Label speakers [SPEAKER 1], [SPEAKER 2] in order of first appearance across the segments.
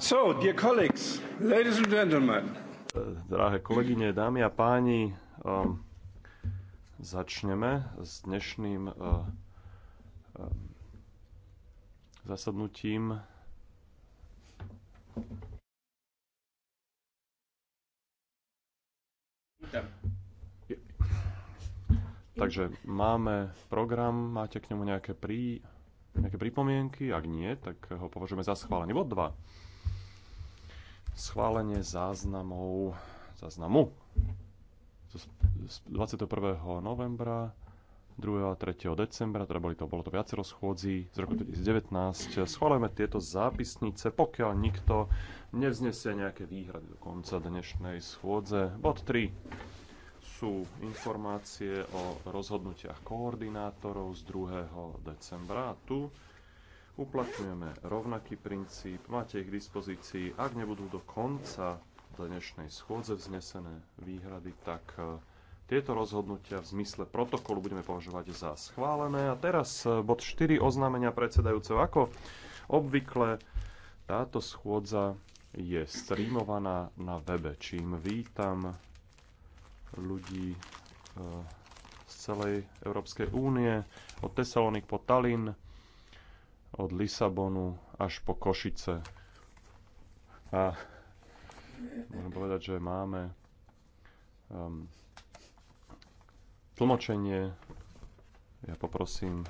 [SPEAKER 1] So, dear colleagues, ladies and gentlemen.
[SPEAKER 2] Drahé kolegyne, dámy a páni, um, začneme s dnešným uh, um, zasadnutím. Takže máme program, máte k nemu nejaké, prí, nejaké pripomienky? Ak nie, tak ho považujeme za schválený. Bod 2 schválenie záznamov, záznamu z 21. novembra, 2. a 3. decembra, teda boli to, bolo to viacero schôdzi z roku 2019. Schválujeme tieto zápisnice, pokiaľ nikto nevznesie nejaké výhrady do konca dnešnej schôdze. Bod 3 sú informácie o rozhodnutiach koordinátorov z 2. decembra. Tu uplatňujeme rovnaký princíp, máte ich k dispozícii. Ak nebudú do konca dnešnej schôdze vznesené výhrady, tak e, tieto rozhodnutia v zmysle protokolu budeme považovať za schválené. A teraz e, bod 4 oznámenia predsedajúceho. Ako obvykle táto schôdza je streamovaná na webe, čím vítam ľudí e, z celej Európskej únie od Tesalonik po Tallinn od Lisabonu až po Košice. A môžem povedať, že máme um, tlmočenie. Ja poprosím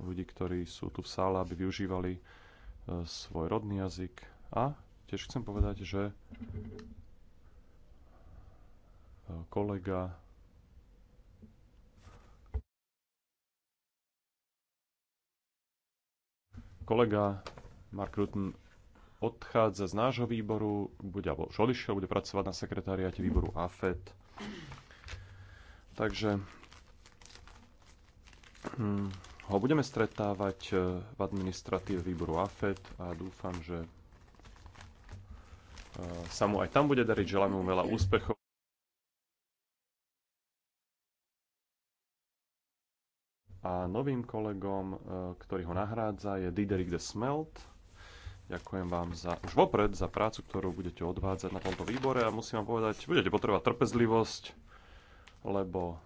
[SPEAKER 2] ľudí, ktorí sú tu v sále, aby využívali uh, svoj rodný jazyk. A tiež chcem povedať, že uh, kolega kolega Mark Rutten odchádza z nášho výboru, bude, alebo Šolišov bude pracovať na sekretariate výboru AFED. Takže hm, ho budeme stretávať eh, v administratíve výboru AFED a dúfam, že eh, sa mu aj tam bude dariť. Želám mu veľa úspechov. A novým kolegom, e, ktorý ho nahrádza, je Diderik de Smelt. Ďakujem vám za, už vopred za prácu, ktorú budete odvádzať na tomto výbore a musím vám povedať, budete potrebovať trpezlivosť, lebo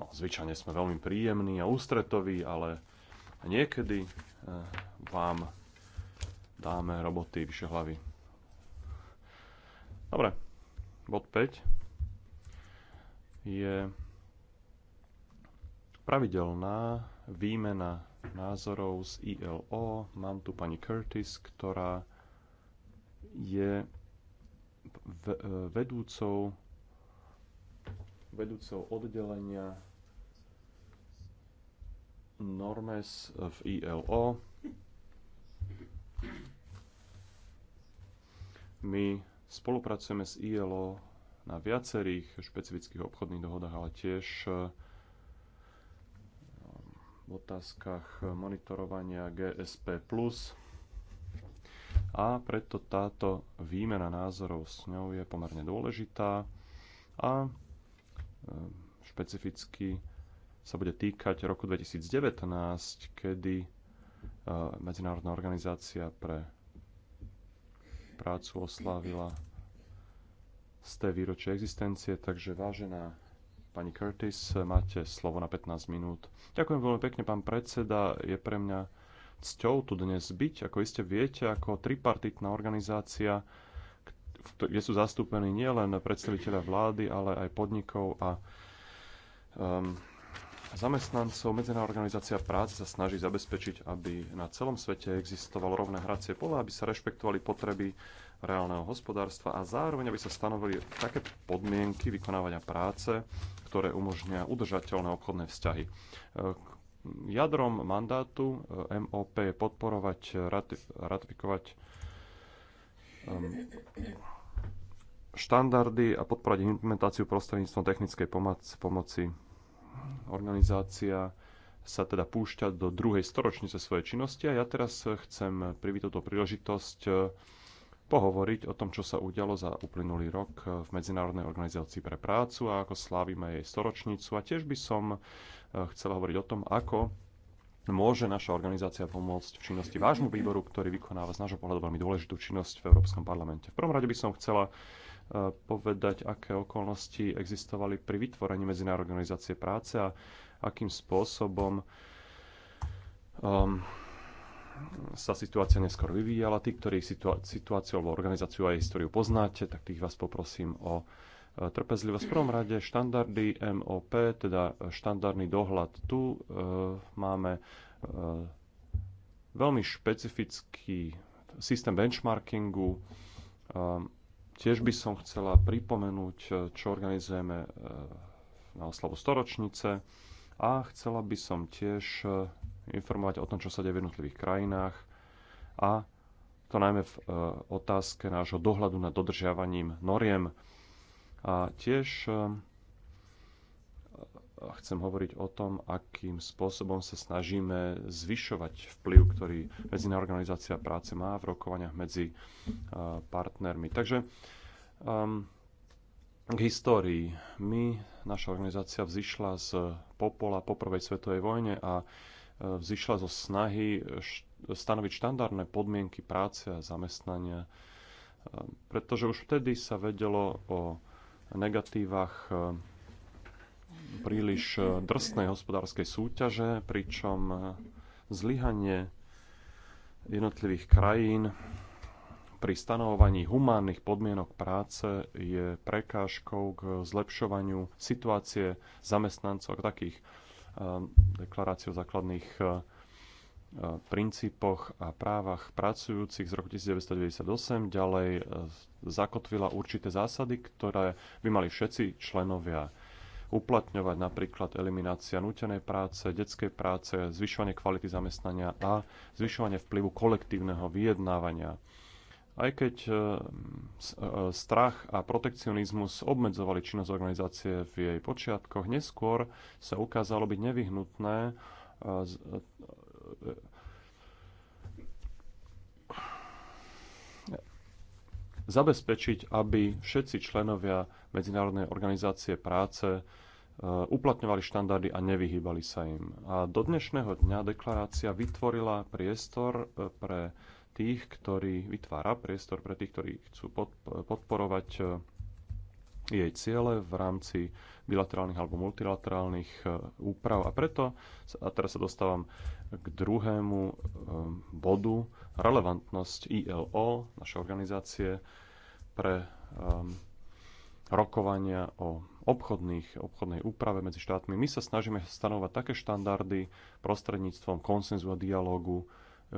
[SPEAKER 2] no, zvyčajne sme veľmi príjemní a ústretoví, ale niekedy e, vám dáme roboty vyše hlavy. Dobre, bod 5 je pravidelná výmena názorov z ILO. Mám tu pani Curtis, ktorá je e, vedúcou, vedúcou oddelenia Normes v ILO. My spolupracujeme s ILO na viacerých špecifických obchodných dohodách, ale tiež v otázkach monitorovania GSP+. A preto táto výmena názorov s ňou je pomerne dôležitá a e, špecificky sa bude týkať roku 2019, kedy e, Medzinárodná organizácia pre prácu oslávila z té výročie existencie. Takže vážená Pani Curtis, máte slovo na 15 minút. Ďakujem veľmi pekne, pán predseda. Je pre mňa cťou tu dnes byť. Ako iste viete, ako tripartitná organizácia, kde sú zastúpení nielen predstaviteľa vlády, ale aj podnikov a um, zamestnancov. Medzinárodná organizácia práce sa snaží zabezpečiť, aby na celom svete existovalo rovné hracie pole, aby sa rešpektovali potreby reálneho hospodárstva a zároveň, aby sa stanovili také podmienky vykonávania práce, ktoré umožnia udržateľné obchodné vzťahy. E, jadrom mandátu e, MOP je podporovať, ratifikovať štandardy a podporať implementáciu prostredníctvom technickej pomoci. Organizácia sa teda púšťa do druhej storočnice svojej činnosti a ja teraz chcem privítať túto príležitosť pohovoriť o tom, čo sa udialo za uplynulý rok v Medzinárodnej organizácii pre prácu a ako slávime jej storočnicu. A tiež by som e, chcel hovoriť o tom, ako môže naša organizácia pomôcť v činnosti vášmu výboru, ktorý vykonáva z nášho pohľadu veľmi dôležitú činnosť v Európskom parlamente. V prvom rade by som chcela e, povedať, aké okolnosti existovali pri vytvorení Medzinárodnej organizácie práce a akým spôsobom um, sa situácia neskôr vyvíjala. tí, ktorí situáciu alebo organizáciu a jej históriu poznáte, tak tých vás poprosím o e, trpezlivosť. V prvom rade štandardy MOP, teda štandardný dohľad. Tu e, máme e, veľmi špecifický systém benchmarkingu. E, tiež by som chcela pripomenúť, e, čo organizujeme e, na oslavu storočnice a chcela by som tiež informovať o tom, čo sa deje v jednotlivých krajinách a to najmä v e, otázke nášho dohľadu nad dodržiavaním noriem. A tiež e, e, chcem hovoriť o tom, akým spôsobom sa snažíme zvyšovať vplyv, ktorý Medziná organizácia práce má v rokovaniach medzi partnermi. Takže k histórii. My, naša organizácia, vzýšla z popola po prvej svetovej vojne a vzýšla zo snahy stanoviť štandardné podmienky práce a zamestnania, e, pretože už vtedy sa vedelo o negatívach e, príliš e, drsnej hospodárskej súťaže, pričom zlyhanie jednotlivých krajín pri stanovovaní humánnych podmienok práce je prekážkou k zlepšovaniu situácie zamestnancov takých Um, deklaráciu o základných uh, uh, princípoch a právach pracujúcich z roku 1998 ďalej uh, zakotvila určité zásady, ktoré by mali všetci členovia uplatňovať, napríklad eliminácia nutenej práce, detskej práce, zvyšovanie kvality zamestnania a zvyšovanie vplyvu kolektívneho vyjednávania. Aj keď e, e, strach a protekcionizmus obmedzovali činnosť organizácie v jej počiatkoch, neskôr sa ukázalo byť nevyhnutné e, zabezpečiť, aby všetci členovia Medzinárodnej organizácie práce uplatňovali štandardy a nevyhýbali sa im. A do dnešného dňa deklarácia vytvorila priestor pre tých, ktorí vytvára priestor pre tých, ktorí chcú podporovať e, jej ciele v rámci bilaterálnych alebo multilaterálnych e, úprav. A preto, a teraz sa dostávam k druhému e, bodu, relevantnosť ILO, naše organizácie, pre um, rokovania o obchodných, obchodnej úprave medzi štátmi. My sa snažíme stanovať také štandardy prostredníctvom konsenzu a dialógu,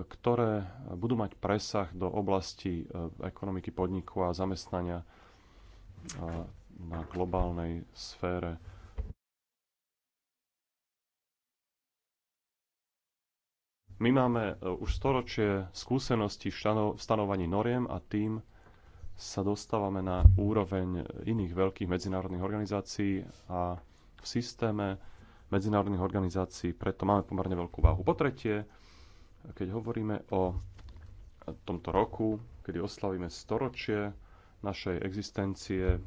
[SPEAKER 2] ktoré budú mať presah do oblasti e, ekonomiky podniku a zamestnania e, na globálnej sfére. My máme e, už storočie skúsenosti v stanovaní noriem a tým sa dostávame na úroveň iných veľkých medzinárodných organizácií a v systéme medzinárodných organizácií preto máme pomerne veľkú váhu. Po tretie, keď hovoríme o tomto roku, kedy oslavíme storočie našej existencie,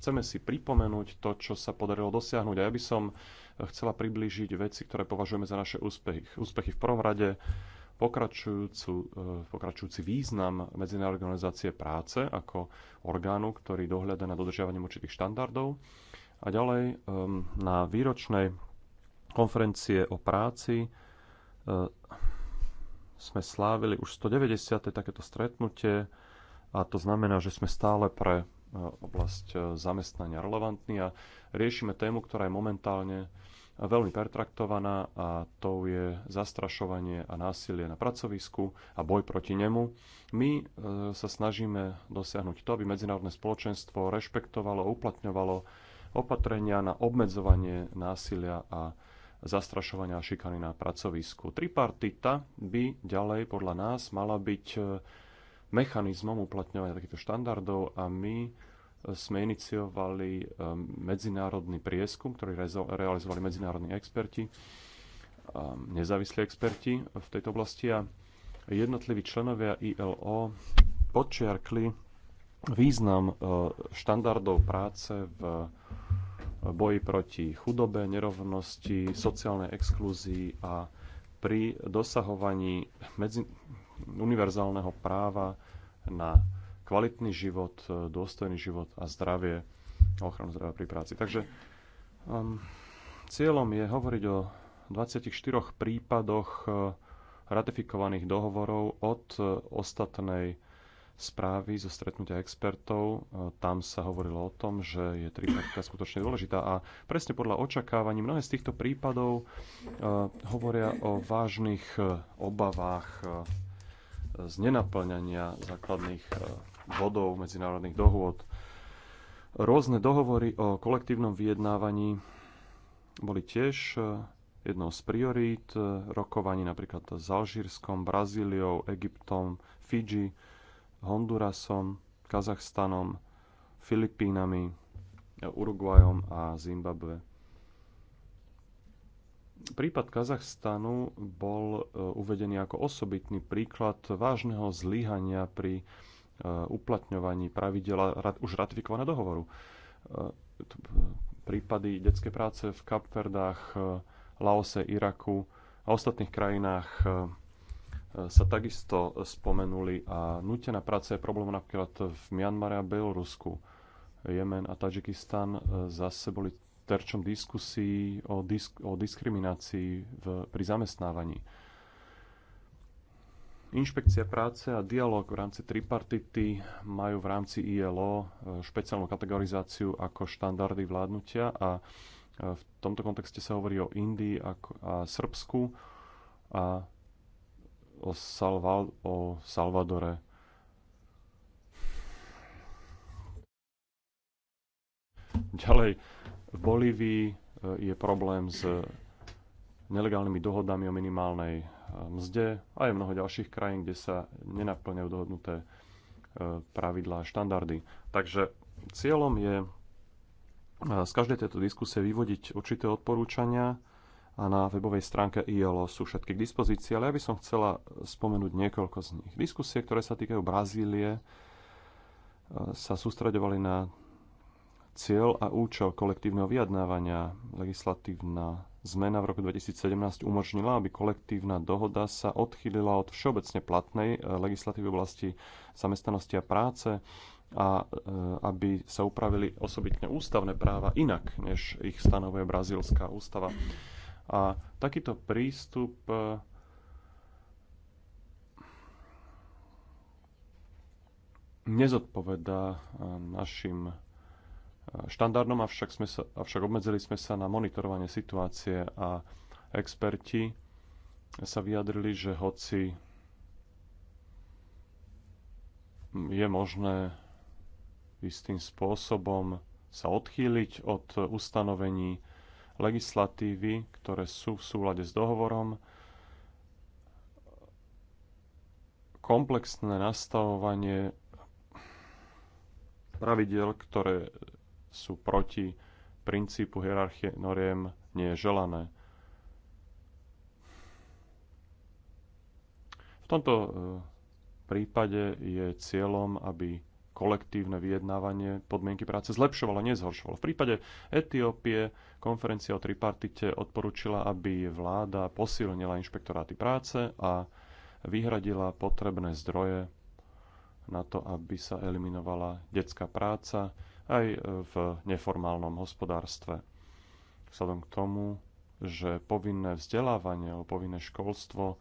[SPEAKER 2] chceme si pripomenúť to, čo sa podarilo dosiahnuť. A ja by som chcela priblížiť veci, ktoré považujeme za naše úspechy. Úspechy v prvom rade e, pokračujúci význam Medzinárodnej organizácie práce ako orgánu, ktorý dohľada na dodržiavanie určitých štandardov. A ďalej e, na výročnej konferencie o práci e, sme slávili už 190. takéto stretnutie a to znamená, že sme stále pre e, oblasť e, zamestnania relevantní a riešime tému, ktorá je momentálne veľmi pertraktovaná a tou je zastrašovanie a násilie na pracovisku a boj proti nemu. My e, sa snažíme dosiahnuť to, aby medzinárodné spoločenstvo rešpektovalo a uplatňovalo opatrenia na obmedzovanie násilia a zastrašovania a šikany na pracovisku. Tripartita by ďalej podľa nás mala byť e, mechanizmom uplatňovania takýchto štandardov a my e, sme iniciovali e, medzinárodný prieskum, ktorý realizovali medzinárodní experti, nezávislí experti v tejto oblasti a jednotliví členovia ILO podčiarkli význam štandardov práce v boji proti chudobe, nerovnosti, sociálnej exklúzii a pri dosahovaní medzi univerzálneho práva na kvalitný život, dôstojný život a zdravie, ochranu zdravia pri práci. Takže um, cieľom je hovoriť o 24 prípadoch uh, ratifikovaných dohovorov od uh, ostatnej správy zo stretnutia expertov. E, tam sa hovorilo o tom, že je tripartita skutočne dôležitá a presne podľa očakávaní mnohé z týchto prípadov e, hovoria o vážnych e, obavách z nenaplňania základných bodov medzinárodných dohôd. Rôzne dohovory o kolektívnom vyjednávaní boli tiež jednou z priorít rokovaní napríklad s Alžírskom, Brazíliou, Egyptom, Fidži Hondurasom, Kazachstanom, Filipínami, Uruguajom a Zimbabwe. Prípad Kazachstanu bol e, uvedený ako osobitný príklad vážneho zlyhania pri e, uplatňovaní pravidela už ratifikovaného dohovoru. E, prípady detskej práce v Kapverdách, Laose, Iraku a ostatných krajinách sa takisto spomenuli a nutená práca je problém napríklad v Mianmare a Bielorusku. Jemen a Tadžikistan e, zase boli terčom diskusí o, disk- o diskriminácii v, pri zamestnávaní. Inšpekcia práce a dialog v rámci tripartity majú v rámci ILO e, špeciálnu kategorizáciu ako štandardy vládnutia a e, v tomto kontexte sa hovorí o Indii a Srbsku a o, Salval- o Salvadore. Ďalej, v Bolívii e, je problém s nelegálnymi dohodami o minimálnej e, mzde a je mnoho ďalších krajín, kde sa nenaplňajú dohodnuté e, pravidlá a štandardy. Takže cieľom je z každej tejto diskusie vyvodiť určité odporúčania a na webovej stránke ILO sú všetky k dispozícii, ale ja by som chcela spomenúť niekoľko z nich. Diskusie, ktoré sa týkajú Brazílie, e, sa sústreďovali na cieľ a účel kolektívneho vyjednávania. Legislatívna zmena v roku 2017 umožnila, aby kolektívna dohoda sa odchýlila od všeobecne platnej e, legislatívy v oblasti zamestnanosti a práce a e, aby sa upravili osobitne ústavné práva inak, než ich stanovuje brazílska ústava. A takýto prístup e, nezodpovedá e, našim e, štandardom, avšak, sme sa, avšak obmedzili sme sa na monitorovanie situácie a experti sa vyjadrili, že hoci je možné istým spôsobom sa odchýliť od ustanovení legislatívy, ktoré sú v súlade s dohovorom, komplexné nastavovanie pravidel, ktoré sú proti princípu hierarchie noriem, nie je želané. V tomto e, prípade je cieľom, aby kolektívne vyjednávanie podmienky práce zlepšovalo, nezhoršovalo. V prípade Etiópie konferencia o tripartite odporúčila, aby vláda posilnila inšpektoráty práce a vyhradila potrebné zdroje na to, aby sa eliminovala detská práca aj v neformálnom hospodárstve. Vzhľadom k tomu, že povinné vzdelávanie alebo povinné školstvo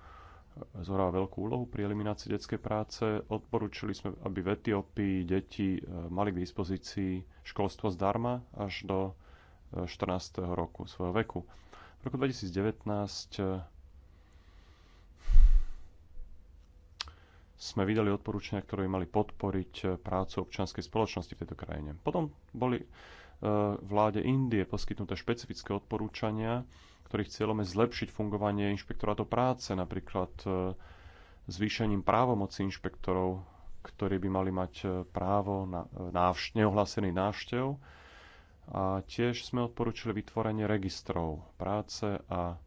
[SPEAKER 2] zohráva veľkú úlohu pri eliminácii detskej práce. Odporúčili sme, aby v Etiópii deti e, mali k dispozícii školstvo zdarma až do 14. E, roku svojho veku. V roku 2019 e, sme vydali odporúčania, ktoré mali podporiť prácu občianskej spoločnosti v tejto krajine. Potom boli vláde Indie poskytnuté špecifické odporúčania, ktorých cieľom je zlepšiť fungovanie inšpektorátu práce, napríklad e, zvýšením právomoci inšpektorov, ktorí by mali mať e, právo na e, návš- neohlásený návštev. A tiež sme odporúčili vytvorenie registrov práce a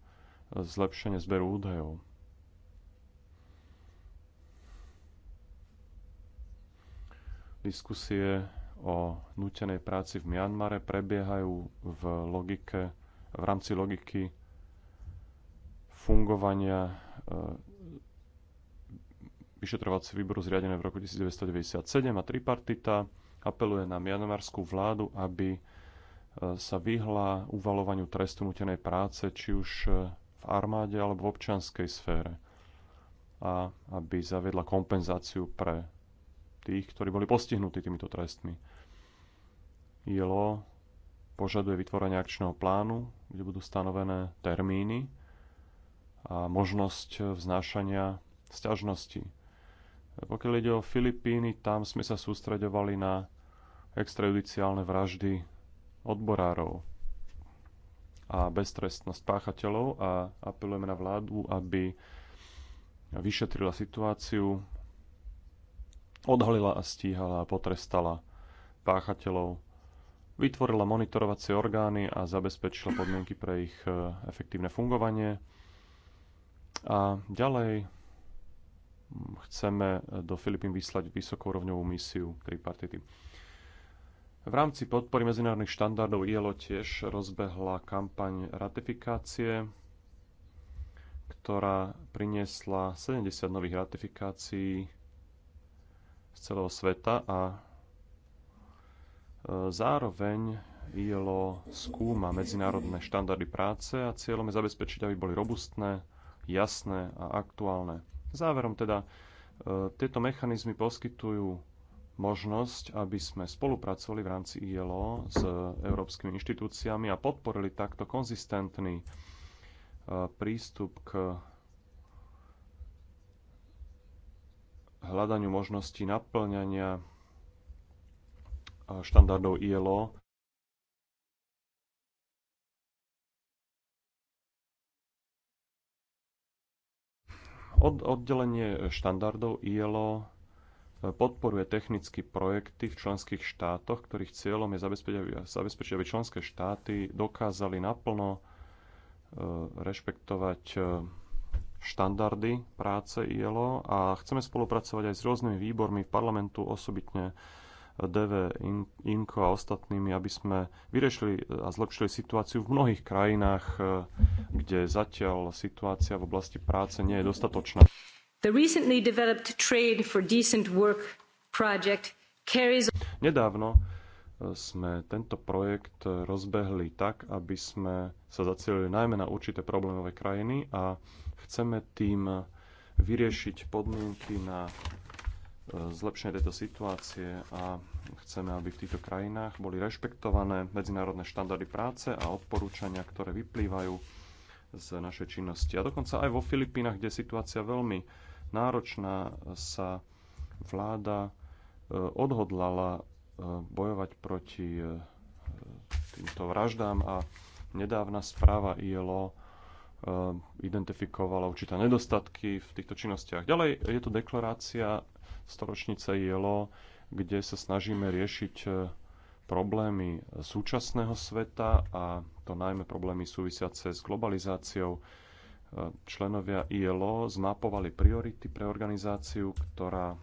[SPEAKER 2] zlepšenie zberu údajov. Diskusie o nutenej práci v Mianmare prebiehajú v logike v rámci logiky fungovania e, vyšetrovacie výboru zriadené v roku 1997 a tripartita apeluje na mianomarskú vládu, aby e, sa vyhla uvalovaniu trestu nutenej práce, či už e, v armáde alebo v občianskej sfére a aby zaviedla kompenzáciu pre tých, ktorí boli postihnutí týmito trestmi. ILO požaduje vytvorenie akčného plánu, kde budú stanovené termíny a možnosť vznášania sťažností. Pokiaľ ide o Filipíny, tam sme sa sústreďovali na extrajudiciálne vraždy odborárov a beztrestnosť páchateľov a apelujeme na vládu, aby vyšetrila situáciu, odhalila a stíhala a potrestala páchateľov vytvorila monitorovacie orgány a zabezpečila podmienky pre ich e, efektívne fungovanie. A ďalej mm, chceme e, do Filipín vyslať vysokourovňovú misiu tripartity. V rámci podpory medzinárodných štandardov ILO tiež rozbehla kampaň ratifikácie, ktorá priniesla 70 nových ratifikácií z celého sveta a Zároveň ILO skúma medzinárodné štandardy práce a cieľom je zabezpečiť, aby boli robustné, jasné a aktuálne. Záverom teda, e, tieto mechanizmy poskytujú možnosť, aby sme spolupracovali v rámci ILO s európskymi inštitúciami a podporili takto konzistentný e, prístup k hľadaniu možností naplňania štandardov ILO oddelenie štandardov ILO e, podporuje technicky projekty v členských štátoch, ktorých cieľom je zabezpečiť, aby členské štáty dokázali naplno e, rešpektovať e, štandardy práce ILO a chceme spolupracovať aj s rôznymi výbormi v parlamentu, osobitne DV Inko a ostatnými, aby sme vyriešili e, a zlepšili situáciu v mnohých krajinách, e, kde zatiaľ situácia v oblasti práce nie je dostatočná.
[SPEAKER 1] The recently developed Trade for Decent Work project carries...
[SPEAKER 2] Nedávno e, sme tento projekt rozbehli tak, aby sme sa zacielili najmä na určité problémové krajiny a chceme tým vyriešiť podmienky na zlepšenie tejto situácie a chceme, aby v týchto krajinách boli rešpektované medzinárodné štandardy práce a odporúčania, ktoré vyplývajú z našej činnosti. A dokonca aj vo Filipínach, kde je situácia veľmi náročná, sa vláda e, odhodlala e, bojovať proti e, týmto vraždám a nedávna správa ILO identifikovala určité nedostatky v týchto činnostiach. Ďalej je to deklarácia storočnice ILO, kde sa snažíme riešiť e, problémy súčasného sveta a to najmä problémy súvisiace s globalizáciou. E, členovia ILO zmapovali priority pre organizáciu, ktorá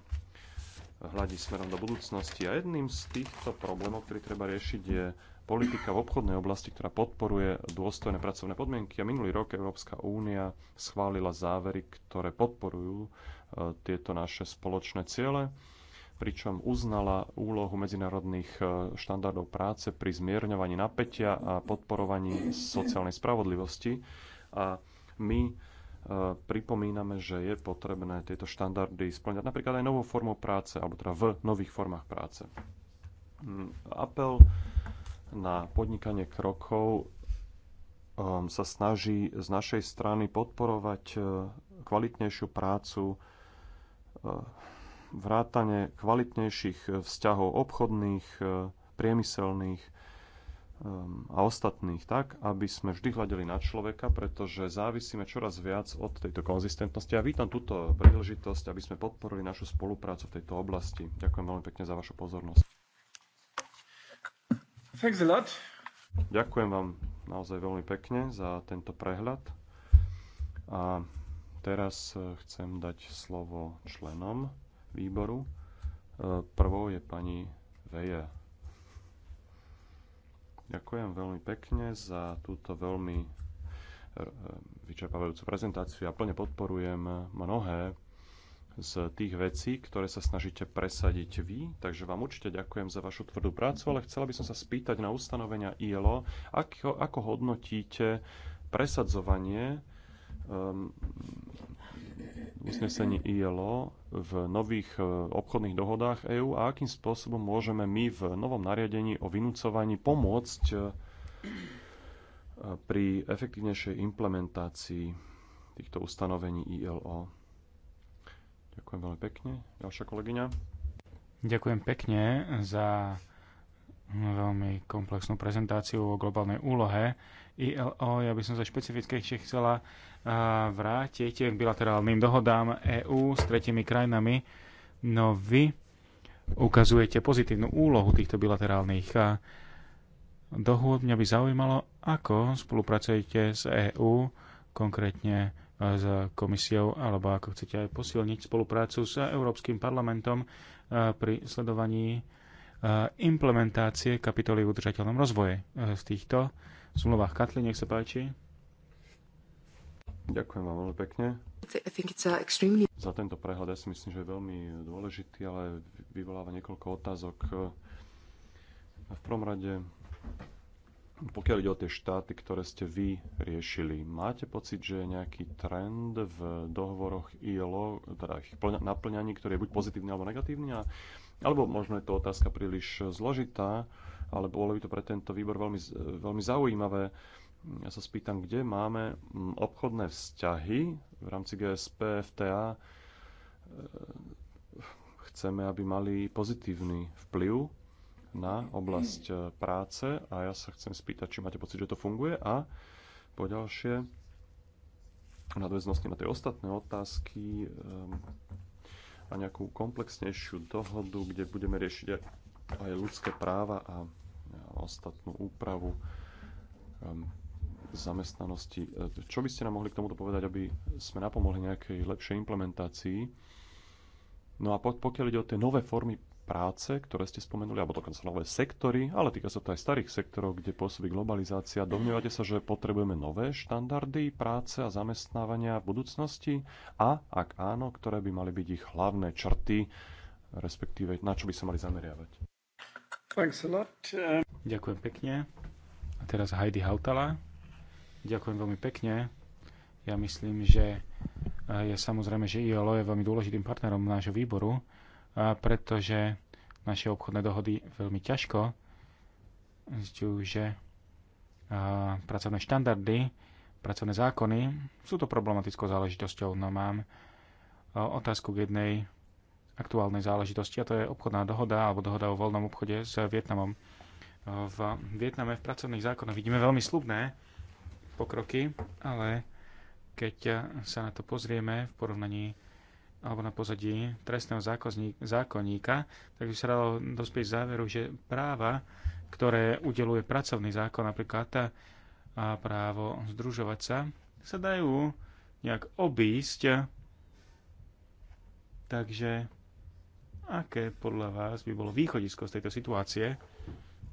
[SPEAKER 2] hľadí smerom do budúcnosti. A jedným z týchto problémov, ktorý treba riešiť, je politika v obchodnej oblasti, ktorá podporuje dôstojné pracovné podmienky. A minulý rok Európska únia schválila závery, ktoré podporujú e, tieto naše spoločné ciele, pričom uznala úlohu medzinárodných e, štandardov práce pri zmierňovaní napätia a podporovaní sociálnej spravodlivosti. A my Eh, pripomíname, že je potrebné tieto štandardy splňať napríklad aj novou formou práce, alebo teda v nových formách práce. Mm, apel na podnikanie krokov ehm, sa snaží z našej strany podporovať eh, kvalitnejšiu prácu, eh, vrátane kvalitnejších vzťahov obchodných, priemyselných, Ehm, a ostatných tak, aby sme vždy hľadeli na človeka, pretože závisíme čoraz viac od tejto konzistentnosti. A vítam túto príležitosť, aby sme podporili našu spoluprácu v tejto oblasti. Ďakujem veľmi pekne za vašu pozornosť. Thanks a lot. Ďakujem vám naozaj veľmi pekne za tento prehľad. A teraz e, chcem dať slovo členom výboru. E, prvou je pani Veje. Ďakujem veľmi pekne za túto veľmi e, e, vyčerpávajúcu prezentáciu. Ja plne podporujem mnohé z tých vecí, ktoré sa snažíte presadiť vy, takže vám určite ďakujem za vašu tvrdú prácu, ale chcela by som sa spýtať na ustanovenia ILO, ako, ako hodnotíte presadzovanie um, uznesení ILO v nových e, obchodných dohodách EÚ a akým spôsobom môžeme my v novom nariadení o vynúcovaní pomôcť e, pri efektívnejšej implementácii týchto ustanovení ILO. Ďakujem veľmi pekne. Ďalšia kolegyňa. Ďakujem
[SPEAKER 3] pekne za veľmi komplexnú prezentáciu o globálnej úlohe ILO, ja by som sa špecifickejšie chcela vrátiť k bilaterálnym dohodám EÚ s tretimi krajinami. No vy ukazujete pozitívnu úlohu týchto bilaterálnych dohôd. Mňa by zaujímalo, ako spolupracujete s EÚ, konkrétne s komisiou, alebo ako chcete aj posilniť spoluprácu s Európskym parlamentom pri sledovaní implementácie kapitoly v udržateľnom rozvoje z týchto
[SPEAKER 2] Sulovách Katli, nech sa páči. Ďakujem vám veľmi pekne.
[SPEAKER 1] Uh, extremely...
[SPEAKER 2] Za tento prehľad ja si myslím, že je veľmi dôležitý, ale vyvoláva niekoľko otázok. E, v prvom rade, pokiaľ ide o tie štáty, ktoré ste vy riešili, máte pocit, že je nejaký trend v dohovoroch ILO, teda ich naplňaní, ktorý je buď pozitívny alebo negatívny, alebo možno je to otázka príliš zložitá, ale bolo by to pre tento výbor veľmi, veľmi zaujímavé. Ja sa spýtam, kde máme obchodné vzťahy v rámci GSP, FTA. E, chceme, aby mali pozitívny vplyv na oblasť e, práce a ja sa chcem spýtať, či máte pocit, že to funguje a poďalšie nadväznosti na tie ostatné otázky e, a nejakú komplexnejšiu dohodu, kde budeme riešiť aj ľudské práva a ostatnú úpravu ehm, zamestnanosti. E, čo by ste nám mohli k tomuto povedať, aby sme napomohli nejakej lepšej implementácii? No a pokiaľ ide o tie nové formy práce, ktoré ste spomenuli, alebo dokonca nové sektory, ale týka sa to aj starých sektorov, kde pôsobí globalizácia. Domnievate sa, že potrebujeme nové štandardy práce a zamestnávania v budúcnosti? A ak áno, ktoré by mali byť ich hlavné črty, respektíve na čo by sa mali zameriavať? Uh, Ďakujem pekne. A teraz Heidi
[SPEAKER 3] Hautala. Ďakujem veľmi pekne. Ja myslím, že eh, je samozrejme, že ILO je veľmi dôležitým partnerom nášho výboru, pretože naše obchodné dohody veľmi ťažko že pracovné štandardy, pracovné zákony sú to problematickou záležitosťou. No mám eh, otázku k jednej aktuálnej záležitosti a to je obchodná dohoda alebo dohoda o voľnom obchode s Vietnamom. V Vietname v pracovných zákonoch vidíme veľmi slubné pokroky, ale keď sa na to pozrieme v porovnaní alebo na pozadí trestného zákonníka, tak by sa dalo dospieť záveru, že práva, ktoré udeluje pracovný zákon, napríklad tá, a právo združovať sa, sa dajú nejak obísť. Takže aké podľa vás by bolo východisko z tejto situácie?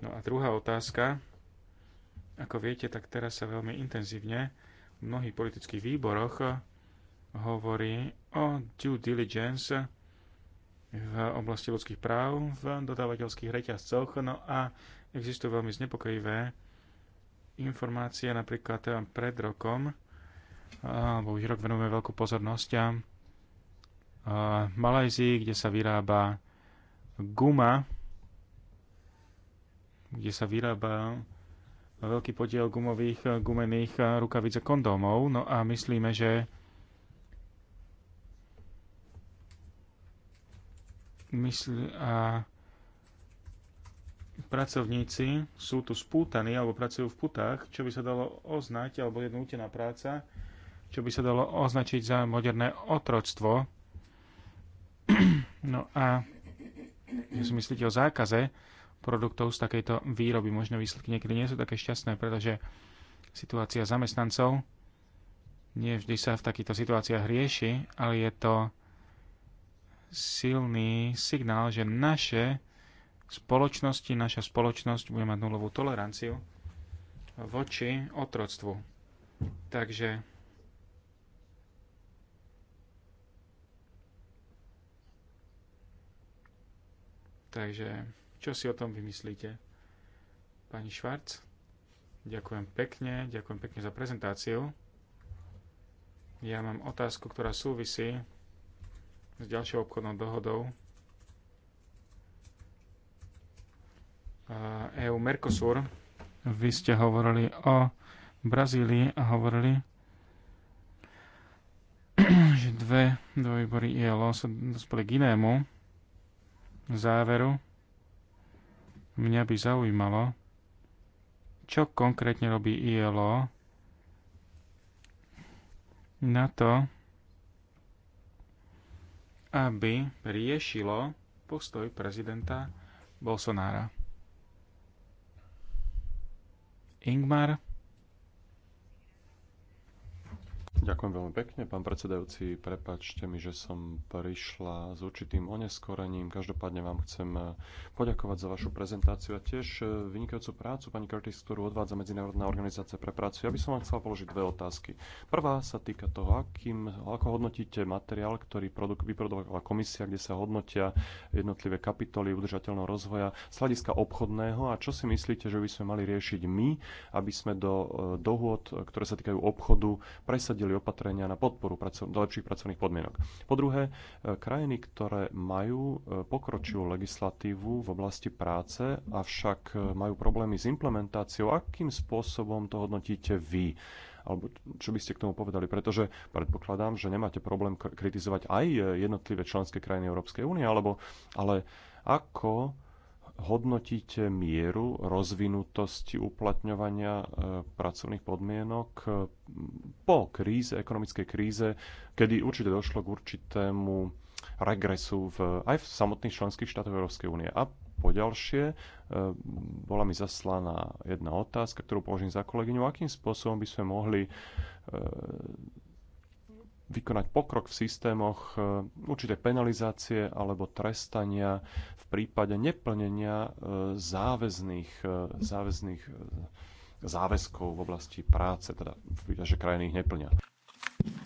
[SPEAKER 3] No a druhá otázka. Ako viete, tak teraz sa veľmi intenzívne v mnohých politických výboroch hovorí o due diligence v oblasti ľudských práv v dodávateľských reťazcoch. No a existujú veľmi znepokojivé informácie, napríklad pred rokom, alebo už rok venujeme veľkú pozornosť Malajzii, kde sa vyrába guma, kde sa vyrába veľký podiel gumových, gumených rukavic a kondómov. No a myslíme, že mysl a pracovníci sú tu spútaní alebo pracujú v putách, čo by sa dalo oznať, alebo je nútená práca, čo by sa dalo označiť za moderné otroctvo. No a čo si myslíte o zákaze produktov z takejto výroby? Možno výsledky niekedy nie sú také šťastné, pretože situácia zamestnancov nie vždy sa v takýchto situáciách rieši, ale je to silný signál, že naše spoločnosti, naša spoločnosť bude mať nulovú toleranciu voči otroctvu. Takže Takže čo si o tom vymyslíte? Pani Švarc, ďakujem pekne, ďakujem pekne za prezentáciu. Ja mám otázku, ktorá súvisí s ďalšou obchodnou dohodou EU Mercosur. Vy ste hovorili o Brazílii a hovorili, že dve dvojbory ILO sa dospeli k inému záveru mňa by zaujímalo, čo konkrétne robí ILO na to, aby riešilo postoj prezidenta
[SPEAKER 2] Bolsonára. Ingmar Ďakujem veľmi pekne, pán predsedajúci. Prepačte mi, že som prišla s určitým oneskorením. Každopádne vám chcem eh, poďakovať za vašu prezentáciu a tiež eh, vynikajúcu prácu pani Curtis, ktorú odvádza Medzinárodná organizácia pre prácu. Ja by som vám chcela položiť dve otázky. Prvá sa týka toho, akým, ako hodnotíte materiál, ktorý produk- vyprodukovala komisia, kde sa hodnotia jednotlivé kapitoly udržateľného rozvoja z hľadiska obchodného a čo si myslíte, že by sme mali riešiť my, aby sme do eh, dohôd, ktoré sa týkajú obchodu, presadili opatrenia na podporu do lepších pracovných podmienok. Po druhé, e, krajiny, ktoré majú e, pokročilú legislatívu v oblasti práce, avšak e, majú problémy s implementáciou, akým spôsobom to hodnotíte vy? alebo čo by ste k tomu povedali, pretože predpokladám, že nemáte problém kritizovať aj jednotlivé členské krajiny Európskej únie, alebo ale ako hodnotíte mieru rozvinutosti uplatňovania e, pracovných podmienok e, po kríze, ekonomickej kríze, kedy určite došlo k určitému regresu v, aj v samotných členských štátoch Európskej únie. A poďalšie, e, bola mi zaslaná jedna otázka, ktorú položím za kolegyňu, akým spôsobom by sme mohli vykonať pokrok v systémoch e, určité penalizácie alebo trestania v prípade neplnenia e, záväzných, e, záväzných záväzkov v oblasti práce, teda v prípade, že krajiny ich neplnia.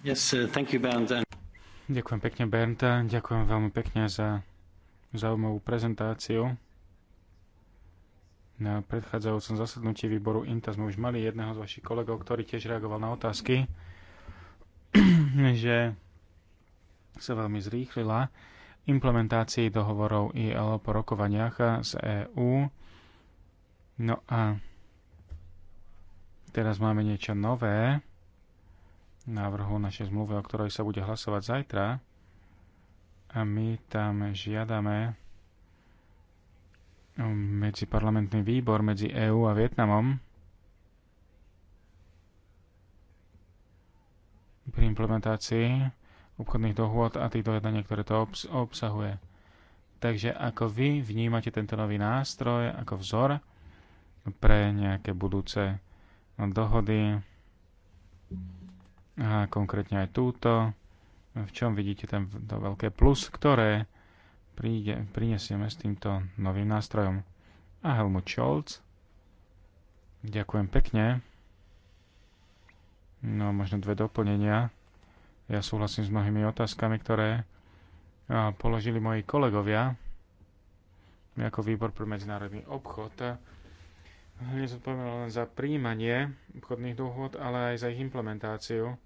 [SPEAKER 2] Yes, thank you, Bernd.
[SPEAKER 3] Ďakujem pekne, Bernd. Ďakujem veľmi pekne za zaujímavú prezentáciu. Na predchádzajúcom zasadnutí výboru INTA sme už mali jedného z vašich kolegov, ktorý tiež reagoval na otázky že sa veľmi zrýchlila implementácii dohovorov IL po rokovaniach z EÚ. No a teraz máme niečo nové návrhu našej zmluvy, o ktorej sa bude hlasovať zajtra. A my tam žiadame medziparlamentný výbor medzi EÚ a Vietnamom, pri implementácii obchodných dohôd a tých dojednaní, ktoré to obs- obsahuje. Takže ako vy vnímate tento nový nástroj ako vzor pre nejaké budúce dohody a konkrétne aj túto, v čom vidíte ten, to veľké plus, ktoré príde, prinesieme s týmto novým nástrojom. A Helmut Scholz. Ďakujem pekne. No, možno dve doplnenia. Ja súhlasím s mnohými otázkami, ktoré položili moji kolegovia. My ako výbor pre medzinárodný obchod nezodpovedal len za príjmanie obchodných dôvod, ale aj za ich implementáciu.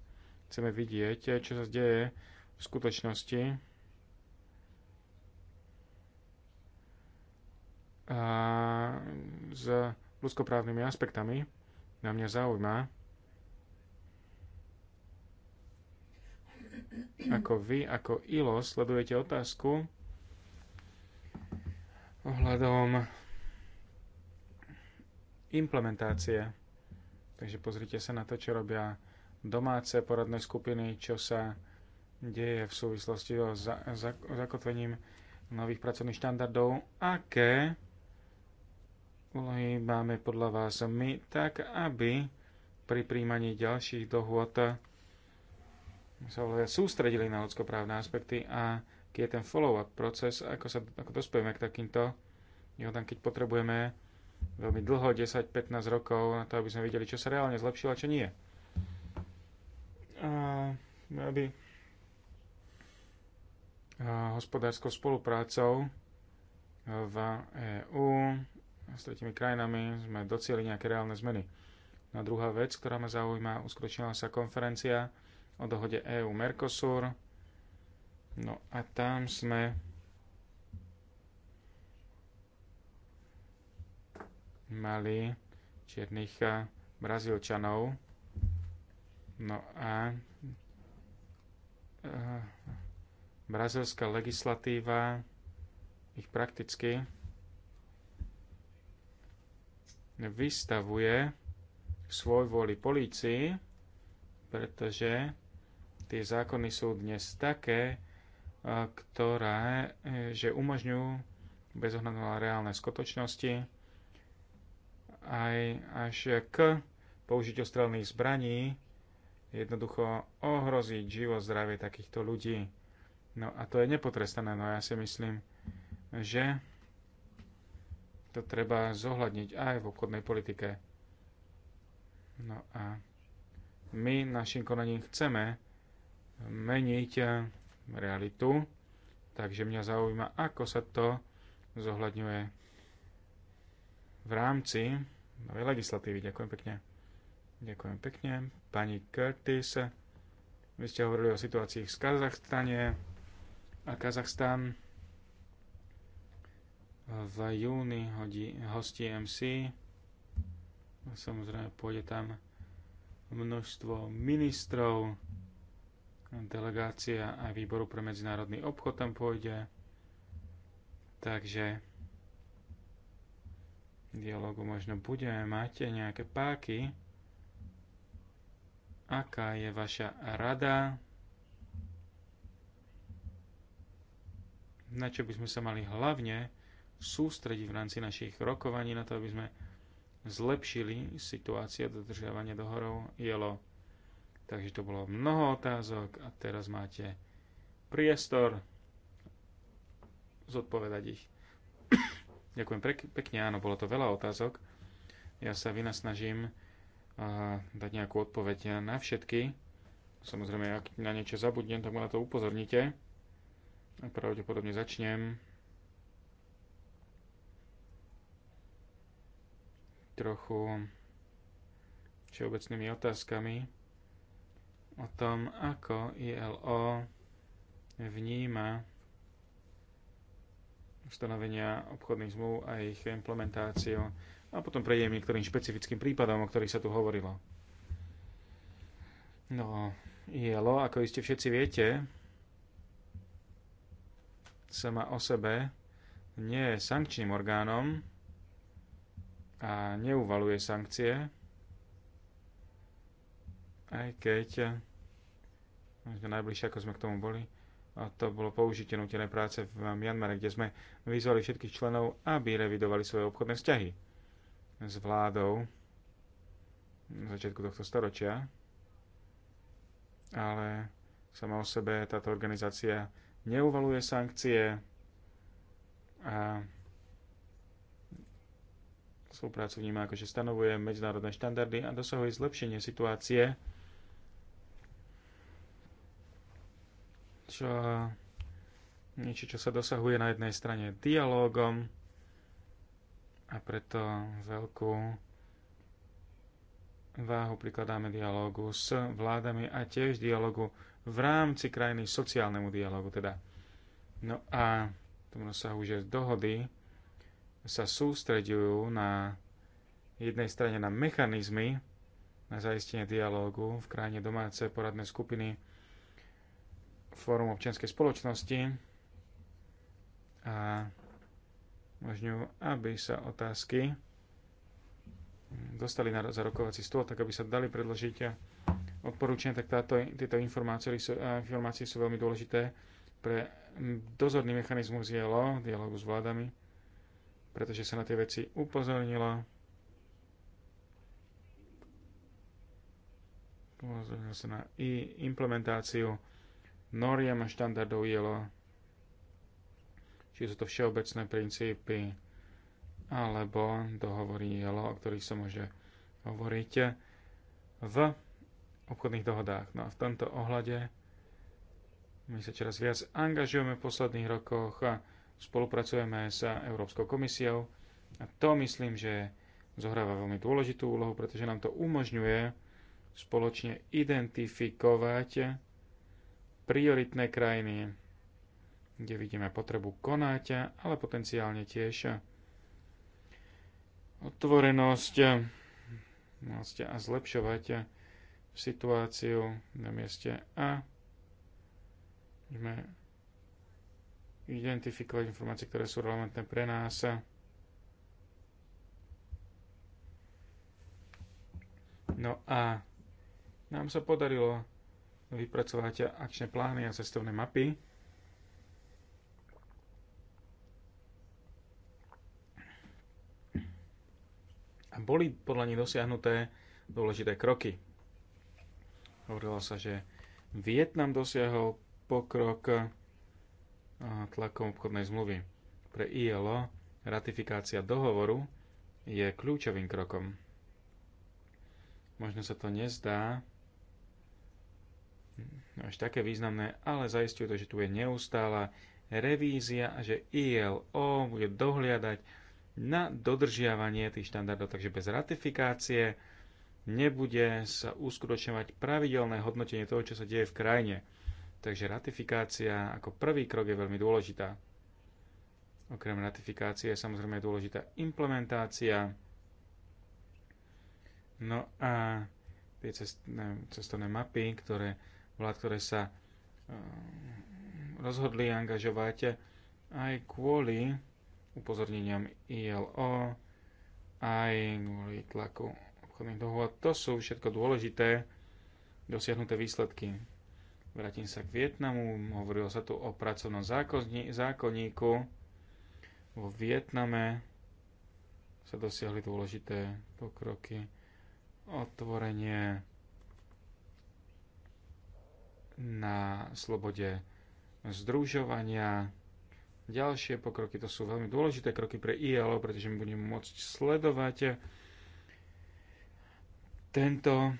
[SPEAKER 3] Chceme vidieť, čo sa deje v skutočnosti. A s ľudskoprávnymi aspektami na mňa zaujíma, ako vy, ako ILO, sledujete otázku ohľadom implementácie. Takže pozrite sa na to, čo robia domáce poradné skupiny, čo sa deje v súvislosti so zakotvením nových pracovných štandardov, aké úlohy máme podľa vás my, tak aby pri príjmaní ďalších dohôd sa sústredili na ľudskoprávne aspekty a keď je ten follow-up proces, ako, sa, ako dospejeme k takýmto tam keď potrebujeme veľmi dlho, 10-15 rokov na to, aby sme videli, čo sa reálne zlepšilo a čo nie. A aby a hospodárskou spoluprácou v EÚ s tretimi krajinami sme docieli nejaké reálne zmeny. No a druhá vec, ktorá ma zaujíma, uskutočnila sa konferencia o dohode EU-Mercosur. No a tam sme mali čiernych Brazílčanov. No a brazilská legislatíva ich prakticky vystavuje svoj vôli polícii, pretože Tie zákony sú dnes také, e, ktoré e, že umožňujú bez ohľadu na reálne skutočnosti aj až k použiť ostrelných zbraní jednoducho ohroziť život zdravie takýchto ľudí. No a to je nepotrestané, no ja si myslím, že to treba zohľadniť aj v obchodnej politike. No a my našim konaním chceme meniť eh, realitu. Takže mňa zaujíma, ako sa to zohľadňuje v rámci novej legislatívy. Ďakujem pekne. Ďakujem pekne. Pani Curtis, vy ste hovorili o situácii v Kazachstane a Kazachstan v júni hodí, hostí MC. Samozrejme, pôjde tam množstvo ministrov, delegácia aj výboru pre medzinárodný obchod tam pôjde. Takže dialogu možno budeme mať nejaké páky. Aká je vaša rada? Na čo by sme sa mali hlavne sústrediť v rámci našich rokovaní na to, aby sme zlepšili situáciu dodržiavania dohorov jelo Takže to bolo mnoho otázok a teraz máte priestor zodpovedať ich. Ďakujem pek- pekne, áno, bolo to veľa otázok. Ja sa vynasnažím uh, dať nejakú odpoveď na všetky. Samozrejme, ak na niečo zabudnem, tak ma na to upozornite. A pravdepodobne začnem trochu všeobecnými otázkami o tom, ako ILO vníma ustanovenia obchodných zmluv a ich implementáciu a potom prejdem niektorým špecifickým prípadom, o ktorých sa tu hovorilo. No, ILO, ako iste všetci viete, sama o sebe nie je sankčným orgánom a neuvaluje sankcie, aj keď sme najbližšie, ako sme k tomu boli, a to bolo použitie nutené práce v Mianmare, kde sme vyzvali všetkých členov, aby revidovali svoje obchodné vzťahy s vládou na začiatku tohto storočia. Ale sama o sebe táto organizácia neuvaluje sankcie a spoluprácu vníma ako, že stanovuje medzinárodné štandardy a dosahuje zlepšenie situácie čo, niečo, čo sa dosahuje na jednej strane dialogom a preto veľkú váhu prikladáme dialogu s vládami a tiež dialogu v rámci krajiny sociálnemu dialogu teda. No a tomu sa už je dohody sa sústreďujú na jednej strane na mechanizmy na zaistenie dialógu v krajine domáce poradné skupiny Fórum občianskej spoločnosti a umožňujú, aby sa otázky dostali na, za rokovací stôl, tak aby sa dali predložiť a odporúčam, tak táto, tieto informácie sú, informácie sú veľmi dôležité pre dozorný mechanizmus dielo, dialogu s vládami, pretože sa na tie veci upozornilo. Upozornilo sa na i implementáciu noriem a štandardov ILO, či sú to všeobecné princípy alebo dohovory ILO, o ktorých sa môže hovoriť v obchodných dohodách. No a v tomto ohľade my sa čoraz viac angažujeme v posledných rokoch a spolupracujeme s Európskou komisiou a to myslím, že zohráva veľmi dôležitú úlohu, pretože nám to umožňuje spoločne identifikovať prioritné krajiny, kde vidíme potrebu konať, ale potenciálne tiež otvorenosť vlastne a zlepšovať situáciu na mieste A. Môžeme identifikovať informácie, ktoré sú relevantné pre nás. No a nám sa podarilo vypracovať akčné plány a cestovné mapy. A boli podľa nich dosiahnuté dôležité kroky. Hovorilo sa, že Vietnam dosiahol pokrok tlakom obchodnej zmluvy. Pre ILO ratifikácia dohovoru je kľúčovým krokom. Možno sa to nezdá, Hm, až také významné, ale zaistujú to, že tu je neustála revízia a že ILO bude dohliadať na dodržiavanie tých štandardov, takže bez ratifikácie nebude sa uskutočňovať pravidelné hodnotenie toho, čo sa deje v krajine. Takže ratifikácia ako prvý krok je veľmi dôležitá. Okrem ratifikácie je samozrejme dôležitá implementácia. No a tie cestovné mapy, ktoré vlád, ktoré sa eh, rozhodli angažovať aj kvôli upozorneniam ILO, aj kvôli tlaku obchodných dohôd. To sú všetko dôležité dosiahnuté výsledky. Vrátim sa k Vietnamu, hovorilo sa tu o pracovnom zákonníku. Vo Vietname sa dosiahli dôležité pokroky. Otvorenie na slobode združovania. Ďalšie pokroky, to sú veľmi dôležité kroky pre ILO, pretože my budeme môcť sledovať tento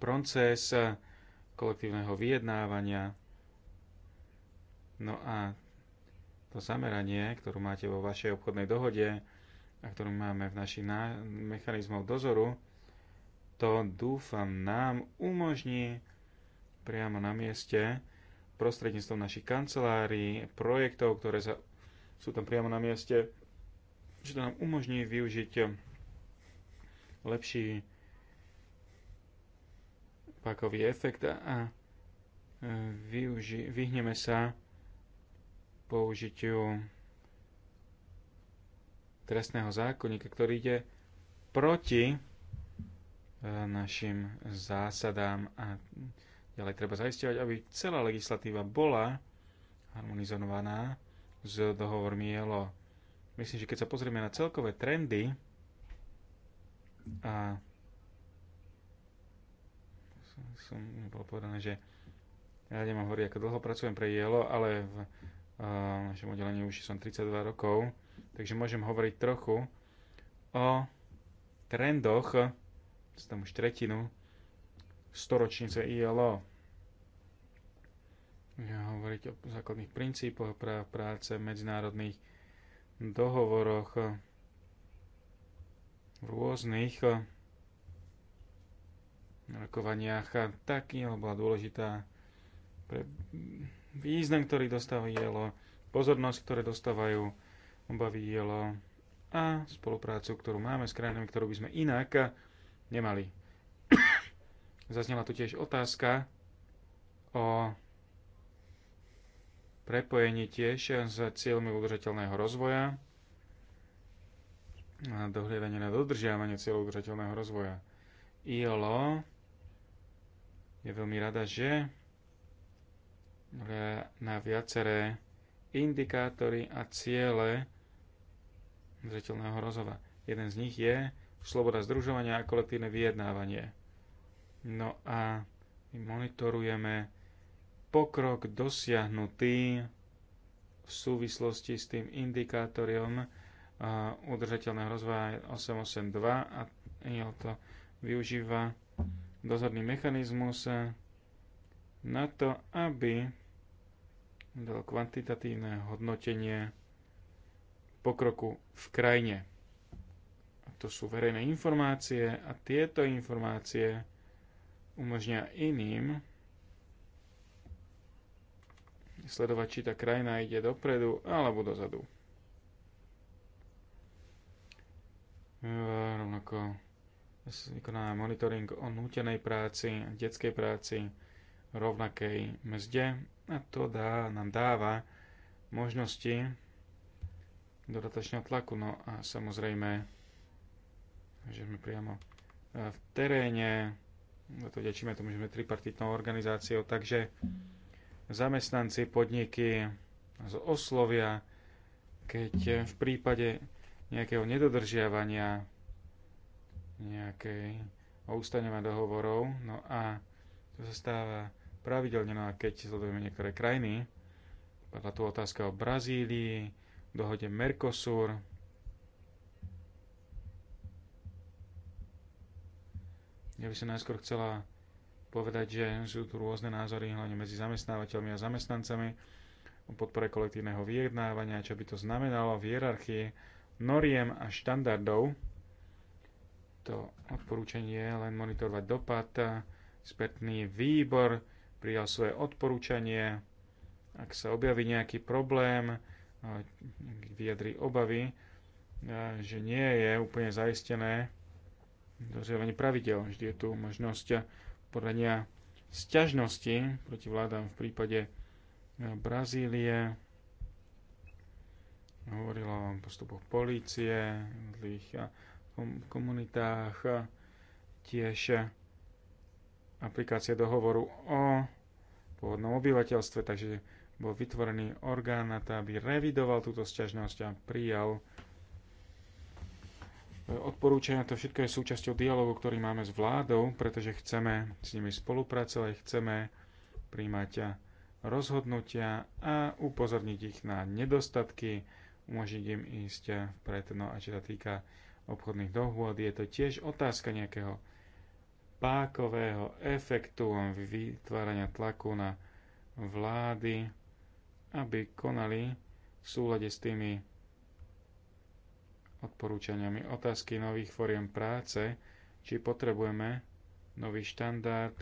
[SPEAKER 3] proces kolektívneho vyjednávania. No a to zameranie, ktorú máte vo vašej obchodnej dohode a ktorú máme v našich mechanizmoch dozoru, to dúfam nám umožní priamo na mieste prostredníctvom našich kancelárií, projektov, ktoré sa, sú tam priamo na mieste, čo to nám umožní využiť lepší pákový efekt a e, využi- vyhneme sa použitiu trestného zákonníka, ktorý ide proti e, našim zásadám a Ďalej treba zaisťovať, aby celá legislatíva bola harmonizovaná s dohovormi ELO. Myslím, že keď sa pozrieme na celkové trendy a som, bolo povedané, že ja nemám hovorí, ako dlho pracujem pre ILO, ale v uh, našom oddelení už som 32 rokov, takže môžem hovoriť trochu o trendoch, som tam už tretinu storočnice ILO. Ja hovoriť o základných princípoch pra- práce, medzinárodných dohovoroch, v rôznych rokovaniach, taký, alebo bola dôležitá pre význam, ktorý dostáva ILO, pozornosť, ktoré dostávajú obavy ILO a spoluprácu, ktorú máme s krajinami, ktorú by sme inak nemali. Zaznela tu tiež otázka o prepojení tiež s cieľmi udržateľného rozvoja a dohľadanie na dodržiavanie cieľov udržateľného rozvoja. ILO je veľmi rada, že na viaceré indikátory a ciele udržateľného rozvoja. Jeden z nich je sloboda združovania a kolektívne vyjednávanie. No a my monitorujeme pokrok dosiahnutý v súvislosti s tým indikátorom udržateľného rozvoja 882 a to využíva dozorný mechanizmus na to, aby dal kvantitatívne hodnotenie pokroku v krajine. A to sú verejné informácie a tieto informácie umožnia iným sledovať, či tá krajina ide dopredu alebo dozadu. Eh, rovnako vykonáme monitoring o nútenej práci, detskej práci, rovnakej mzde a to dá, nám dáva možnosti dodatočného tlaku. No a samozrejme, že sme priamo eh, v teréne, No to ďačíme tomu, že sme tripartitnou organizáciou, takže zamestnanci, podniky z oslovia, keď v prípade nejakého nedodržiavania nejakej ustanovenia dohovorov, no a to sa stáva pravidelne, no a keď sledujeme niektoré krajiny, padla tu otázka o Brazílii, dohode Mercosur, Ja by som najskôr chcela povedať, že sú tu rôzne názory, hlavne medzi zamestnávateľmi a zamestnancami o podpore kolektívneho vyjednávania, čo by to znamenalo v hierarchii noriem a štandardov. To odporúčanie je len monitorovať dopad. spätný výbor prijal svoje odporúčanie. Ak sa objaví nejaký problém, vyjadri obavy, že nie je úplne zaistené, dodržiavanie pravidel. Vždy je tu možnosť podania sťažnosti proti vládám v prípade eh, Brazílie. Hovorilo o postupoch polície, jednotlivých eh, komunitách, eh, tiež aplikácia dohovoru o pôvodnom obyvateľstve, takže bol vytvorený orgán na to, aby revidoval túto sťažnosť a prijal odporúčania, to všetko je súčasťou dialogu, ktorý máme s vládou, pretože chceme s nimi spolupracovať, chceme príjmať rozhodnutia a upozorniť ich na nedostatky, umožniť im ísť vpred. No a čo sa týka obchodných dohôd, je to tiež otázka nejakého pákového efektu vytvárania tlaku na vlády, aby konali v súlade s tými odporúčaniami otázky nových foriem práce, či potrebujeme nový štandard,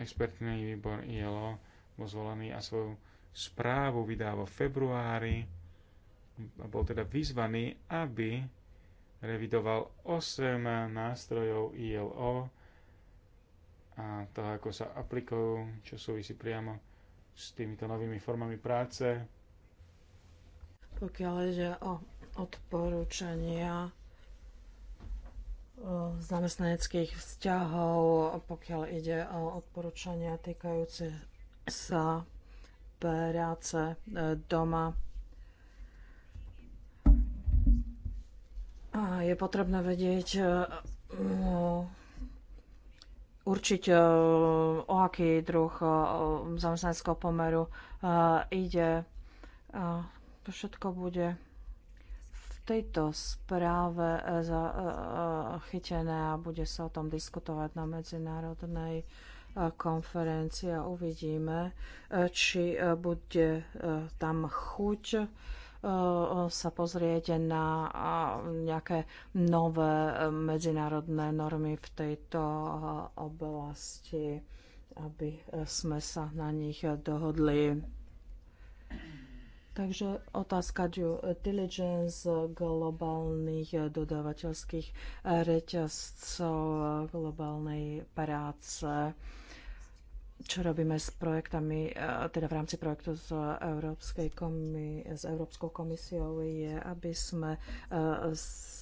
[SPEAKER 3] expertný výbor ILO bol zvolený a svoju správu vydá vo februári a bol teda vyzvaný, aby revidoval 8 nástrojov ILO a to, ako sa aplikujú, čo súvisí priamo s týmito novými formami práce
[SPEAKER 1] pokiaľ ide o odporúčania e, zamestnaneckých vzťahov, pokiaľ ide o odporúčania týkajúce sa práce e, doma. je potrebné vedieť, e, určiť, o aký druh zamestnaneckého pomeru ide všetko bude v tejto správe e, e, e, chytené a bude sa o tom diskutovať na medzinárodnej konferencii a uvidíme, či bude tam chuť sa pozrieť na nejaké nové medzinárodné normy v tejto oblasti, aby sme sa na nich dohodli. Takže otázka due diligence globálnych dodávateľských reťazcov, globálnej práce čo robíme s projektami, e, teda v rámci projektu s, Európskej komi- s Európskou komisiou, je, aby sme e,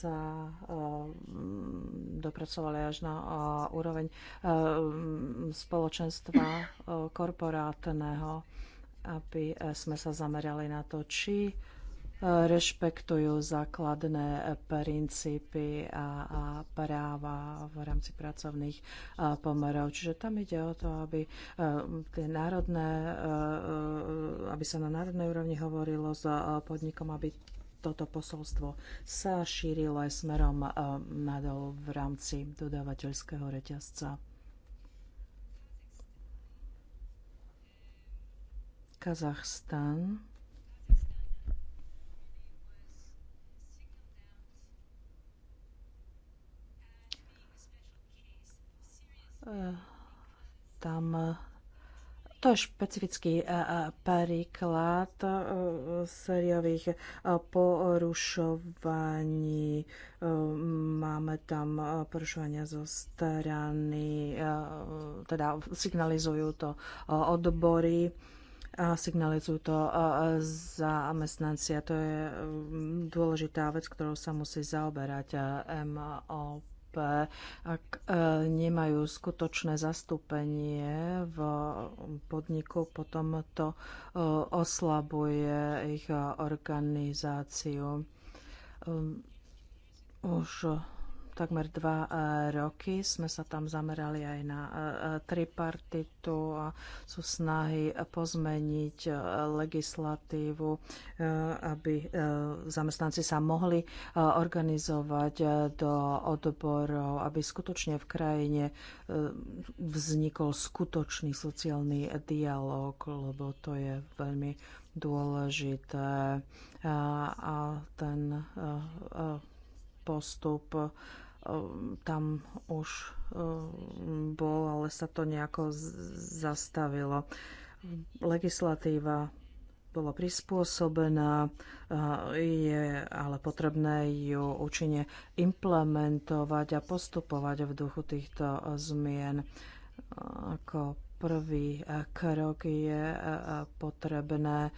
[SPEAKER 1] sa e, dopracovali až na úroveň spoločenstva korporátneho aby e, sme sa zamerali na to, či e, rešpektujú základné e, princípy a, a práva v rámci pracovných pomerov. Čiže tam ide o to, aby tie národné, aby sa na národnej úrovni hovorilo s podnikom, aby toto posolstvo sa šírilo aj smerom nadol v rámci dodávateľského reťazca. Kazachstan. Eh, tam eh, to je špecifický eh, príklad sériových porušovaní. Máme tam porušovania zo strany, teda signalizujú to odbory signalizujú to zamestnanci a to je mm, dôležitá vec, ktorou sa musí zaoberať MOP ak e, nemajú skutočné zastúpenie v podniku, potom to e, oslabuje ich organizáciu. Ehm, už takmer dva e, roky. Sme sa tam zamerali aj na e, e, tripartitu a sú snahy pozmeniť legislatívu, aby zamestnanci sa mohli organizovať do odborov, aby skutočne v krajine vznikol skutočný sociálny dialog, lebo to je veľmi dôležité a, a ten a, a postup Ehm, tam už ehm, bol, ale sa to nejako zastavilo. Legislatíva bola prispôsobená, ehm, je ale potrebné ju účinne implementovať a postupovať v duchu týchto zmien. Ako prvý e, krok je e, e, potrebné,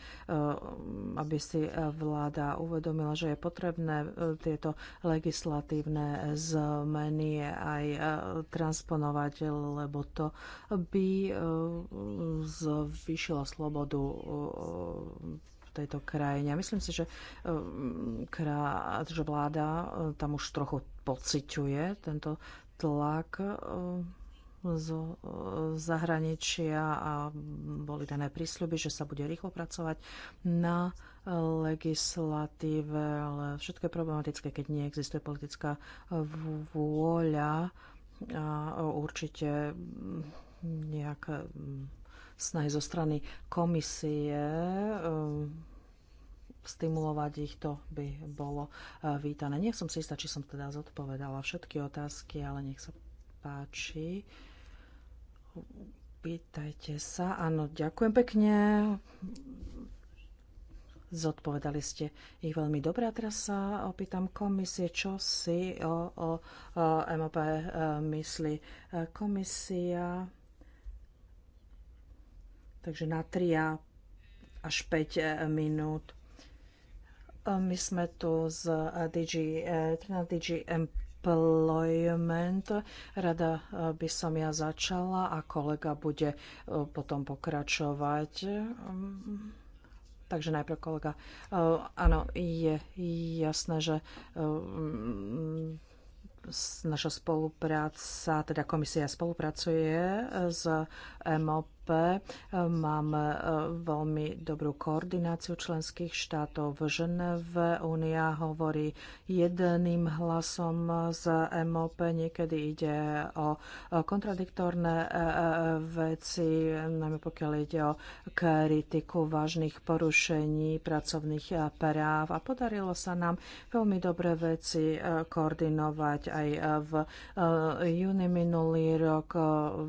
[SPEAKER 1] aby si vláda uvedomila, že je potrebné tieto legislatívne zmeny aj transponovať, lebo to by zvýšilo slobodu tejto krajine. Myslím si, že, krá, že vláda tam už trochu pociťuje tento tlak zo e, zahraničia a boli dané prísľuby, že sa bude rýchlo pracovať na legislatíve, ale všetko je problematické, keď neexistuje politická vôľa a určite nejaká mm, snahy zo strany komisie mm, stimulovať ich, to by bolo e, vítané. Nech som si istá, či som teda zodpovedala všetky otázky, ale nech sa páči. Pýtajte sa. Áno, ďakujem pekne. Zodpovedali ste ich veľmi dobre. A teraz sa opýtam komisie, čo si o, o, o MOP e, myslí e, komisia. Takže na 3 až 5 e, minút. My sme tu z DG, 13 DG MP employment. Rada eh, by som ja začala a kolega bude eh, potom pokračovať. Mm, takže najprv kolega. Eh, áno, je jasné, že mm, naša spolupráca, teda komisia spolupracuje s MOP EP máme veľmi dobrú koordináciu členských štátov v Ženeve. Únia hovorí jedným hlasom z MOP. Niekedy ide o kontradiktorné e, e, veci, najmä pokiaľ ide o kritiku vážnych porušení pracovných e, práv. A podarilo sa nám veľmi dobré veci koordinovať aj v júni minulý rok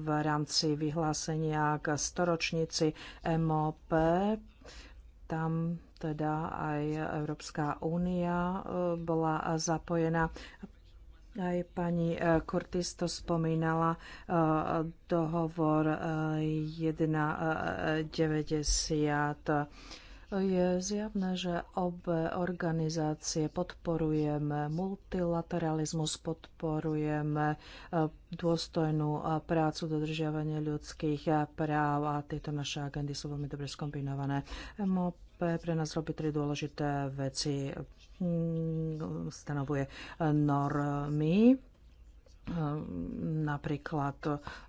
[SPEAKER 1] v rámci vyhlásenia k storočnici MOP. Tam teda aj Európska únia e, bola zapojená. Aj pani Kurtis e, to spomínala, e, dohovor 1.90 je zjavné, že obe organizácie podporujeme multilateralizmus, podporujeme dôstojnú prácu, dodržiavanie ľudských práv a tieto naše agendy sú veľmi dobre skombinované. MOP pre nás robí tri dôležité veci. Stanovuje normy Ehm, napríklad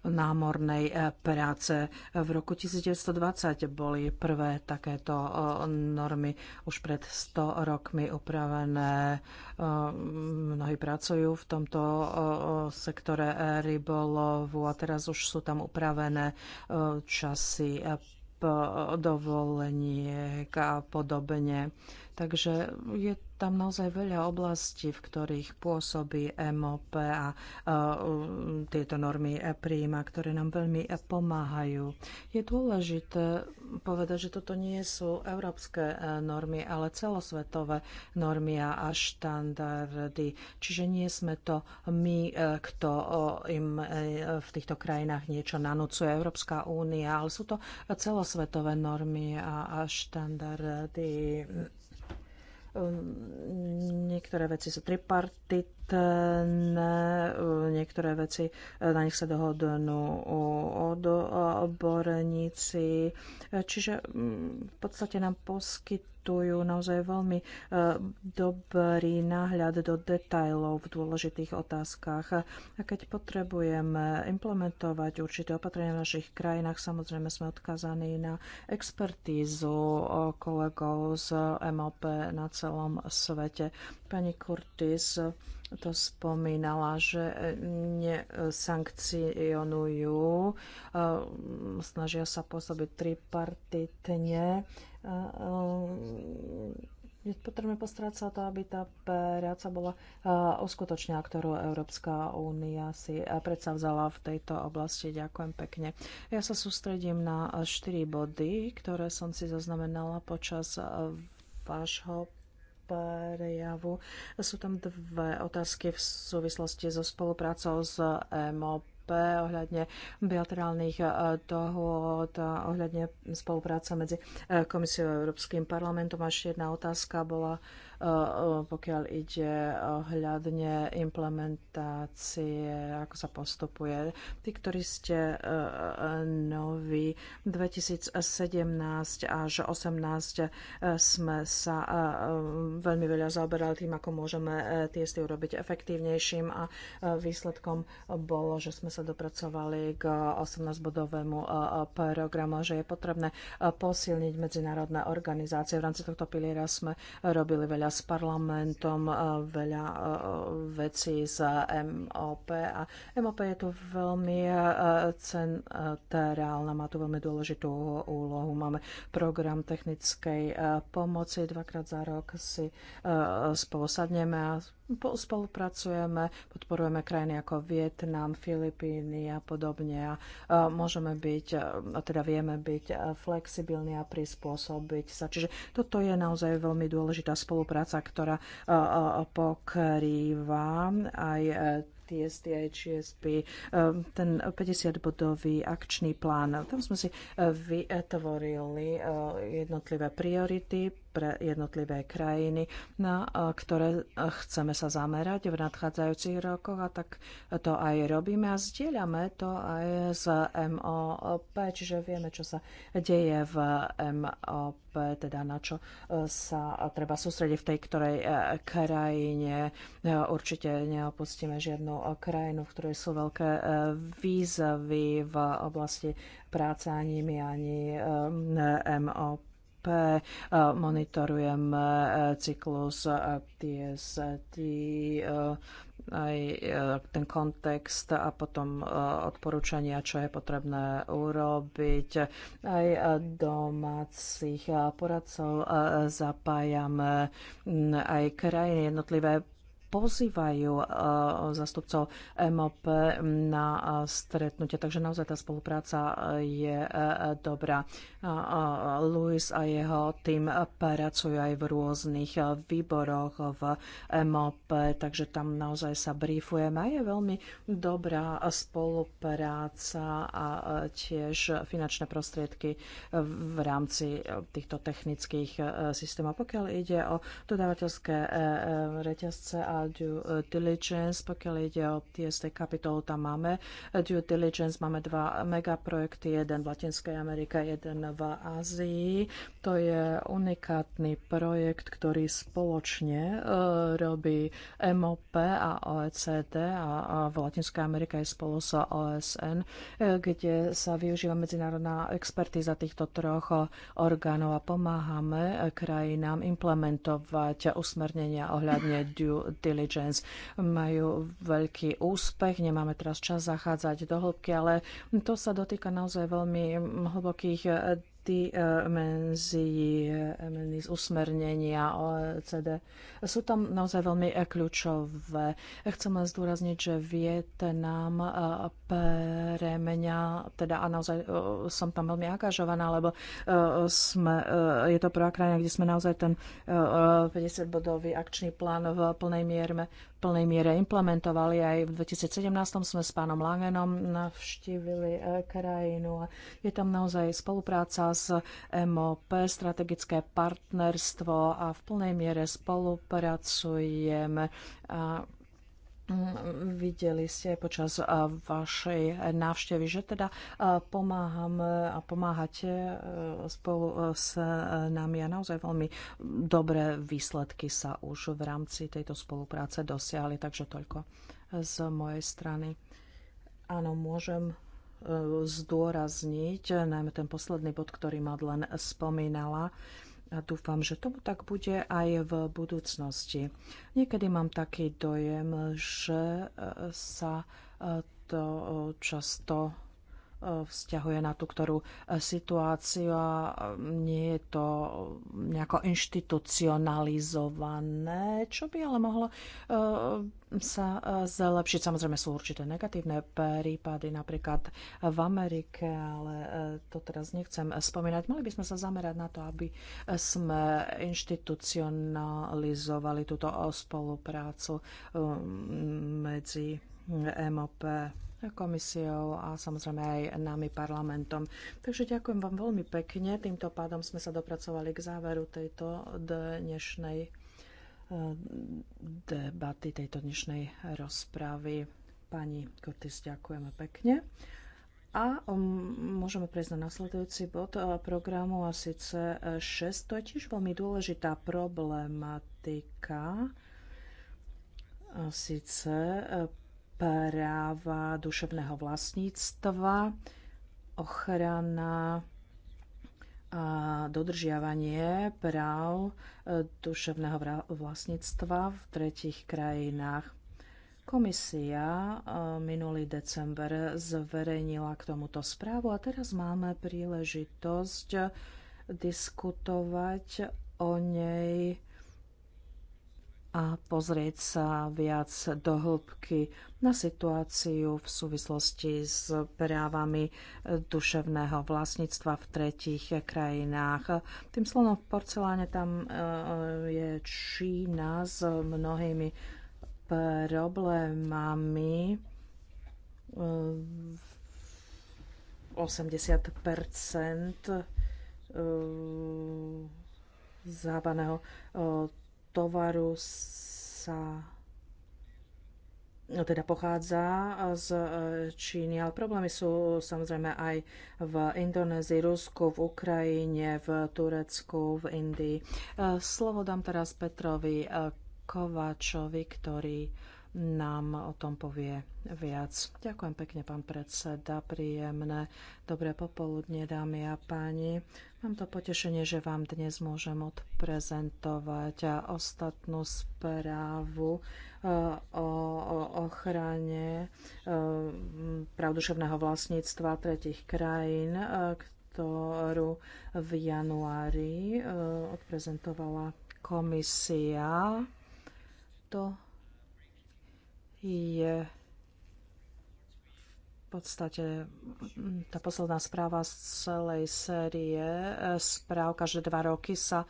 [SPEAKER 1] námornej eh, práce. V roku 1920 boli prvé takéto eh, normy už pred 100 rokmi upravené. Ehm, mnohí pracujú v tomto eh, sektore rybolovu a teraz už sú tam upravené časy dovoleniek a podobne. Takže je tam naozaj veľa oblastí, v ktorých pôsobí MOP a e, tieto normy príjma, ktoré nám veľmi pomáhajú. Je dôležité povedať, že toto nie sú európske e, normy, ale celosvetové normy a štandardy. Čiže nie sme to my, e, kto im v týchto krajinách niečo nanúcuje Európska únia, ale sú to celosvetové normy a štandardy. Ehm, niektoré veci sú tripartitné, ehm, niektoré veci, eh, na nich sa dohodnú odborníci. Čiže mm, v podstate nám poskyt poskytujú naozaj veľmi e, dobrý náhľad do detajlov v dôležitých otázkach. A keď potrebujeme implementovať určité opatrenia v našich krajinách, samozrejme sme odkazaní na expertízu e, kolegov z MOP na celom svete. Pani Curtis, to spomínala, že nesankcionujú, e, snažia sa pôsobiť tripartitne je potrebné postarať sa o to, aby tá práca bola uskutočná, ktorú Európska únia si predsa vzala v tejto oblasti. Ďakujem pekne. Ja sa sústredím na štyri body, ktoré som si zaznamenala počas vášho prejavu. Sú tam dve otázky v súvislosti so spoluprácou s EMOP TTIP, ohľadne bilaterálnych eh, dohôd, eh, ohľadne spolupráca medzi eh, Komisiou a Európskym parlamentom. Až jedna otázka bola Eh, pokiaľ ide ohľadne implementácie, ako sa postupuje. Tí, ktorí ste eh, noví, 2017 až 2018 eh, sme sa veľmi veľa zaoberali tým, ako môžeme testy urobiť efektívnejším a výsledkom bolo, že sme sa dopracovali k 18-bodovému programu, že je potrebné posilniť medzinárodné organizácie. V rámci tohto piliera sme robili veľa veľa s parlamentom, e, veľa e, vecí z MOP a MOP je tu veľmi e, centrálna, má tu veľmi dôležitú úlohu. Máme program technickej pomoci, dvakrát za rok si spolu sadneme a spolupracujeme, podporujeme krajiny ako Vietnam, Filipíny a podobne a môžeme byť, a teda vieme byť flexibilní a prispôsobiť sa. Čiže toto je naozaj veľmi dôležitá spolupráca, ktorá pokrýva aj TSTI, GSP, ehm, ten 50-bodový akčný plán. Tam sme si eh, vytvorili eh, jednotlivé priority pre jednotlivé krajiny, na eh, ktoré chceme sa zamerať v nadchádzajúcich rokoch a tak to aj robíme a zdieľame to aj z MOP, čiže vieme, čo sa deje v MOP teda na čo e, sa treba sústrediť v tej ktorej e, krajine. E, určite neopustíme žiadnu krajinu, v ktorej sú veľké výzvy v oblasti práce ani my, ani MOP EP, eh, monitorujeme eh, cyklus TST, eh, aj ten kontext a potom odporúčania, čo je potrebné urobiť. Aj domácich poradcov zapájame aj krajiny, jednotlivé pozývajú e, zastupcov MOP na e, stretnutie. Takže naozaj tá spolupráca e, je dobrá. Luis a jeho tým pracujú aj v rôznych výboroch v MOP, takže tam naozaj sa briefujeme a je veľmi dobrá spolupráca a tiež finančné prostriedky v rámci týchto technických systémov. Pokiaľ ide o dodávateľské reťazce a Uh, due uh, diligence, pokiaľ ide o tie z tej kapitolu, tam máme due diligence, máme dva megaprojekty, jeden v Latinskej Amerike, jeden v Ázii. To je unikátny projekt, ktorý spoločne uh, robí MOP a OECD a v Latinskej Amerike je spolu sa OSN, kde sa využíva medzinárodná expertíza týchto troch orgánov a pomáhame krajinám implementovať usmernenia ohľadne due diligence diligence. Majú veľký úspech, nemáme teraz čas zachádzať do hĺbky, ale to sa dotýka naozaj veľmi hlbokých dimenzii, z usmernenia OECD. Sú tam naozaj veľmi kľúčové. Chcem len zdôrazniť, že Vietnam eh, mňa, teda a naozaj eh, som tam veľmi angažovaná, lebo eh, sme, je to prvá krajina, kde sme naozaj ten 50-bodový akčný plán v plnej mierme plnej miere implementovali. Aj v 2017 sme s pánom Langenom navštívili krajinu. Je tam naozaj spolupráca z MOP, strategické partnerstvo a v plnej miere spolupracujeme. Mm, videli ste počas vašej návštevy, že teda pomáham a pomáhate e, spolu e, s nami a naozaj veľmi dobré výsledky sa už v rámci tejto spolupráce dosiahli. Takže toľko z mojej strany. Áno, môžem zdôrazniť, najmä ten posledný bod, ktorý Madlen spomínala. A dúfam, že tomu tak bude aj v budúcnosti. Niekedy mám taký dojem, že sa to často vzťahuje na tú ktorú e, situáciu a e, nie je to nejako inštitucionalizované, čo by ale mohlo e, sa zlepšiť. Samozrejme sú určité negatívne prípady, napríklad v Amerike, ale to teraz nechcem spomínať. Mali by sme sa zamerať na to, aby sme inštitucionalizovali túto spoluprácu medzi MOP komisiou a samozrejme aj nami parlamentom. Takže ďakujem vám veľmi pekne. Týmto pádom sme sa dopracovali k záveru tejto dnešnej eh, debaty, tejto dnešnej rozpravy. Pani Kotis, ďakujeme pekne. A um, môžeme prejsť na nasledujúci bod eh, programu a síce 6. Eh, to je tiež veľmi dôležitá problematika. A síce práva duševného vlastníctva, ochrana a dodržiavanie práv e, duševného vlastníctva v tretich krajinách. Komisia e, minulý december zverejnila k tomuto správu a teraz máme príležitosť diskutovať o nej a pozrieť sa viac do hĺbky na situáciu v súvislosti s právami duševného vlastníctva v tretích krajinách. Tým slovom v porceláne tam e, e, je Čína s mnohými problémami. 80 e, závaného tovaru sa no teda pochádza z e, Číny, ale problémy sú samozrejme aj v Indonézii, Rusku, v Ukrajine, v Turecku, v Indii. E, slovo dám teraz Petrovi e, Kovačovi, ktorý nám o tom povie viac. Ďakujem pekne, pán predseda. Príjemné. Dobré popoludne, dámy a páni. Mám to potešenie, že vám dnes môžem odprezentovať ostatnú správu eh, o ochrane eh, pravduševného vlastníctva tretich krajín, eh, ktorú v januári odprezentovala komisia. To je v podstate mm, tá posledná správa z celej série e, správ. Každé dva roky sa e,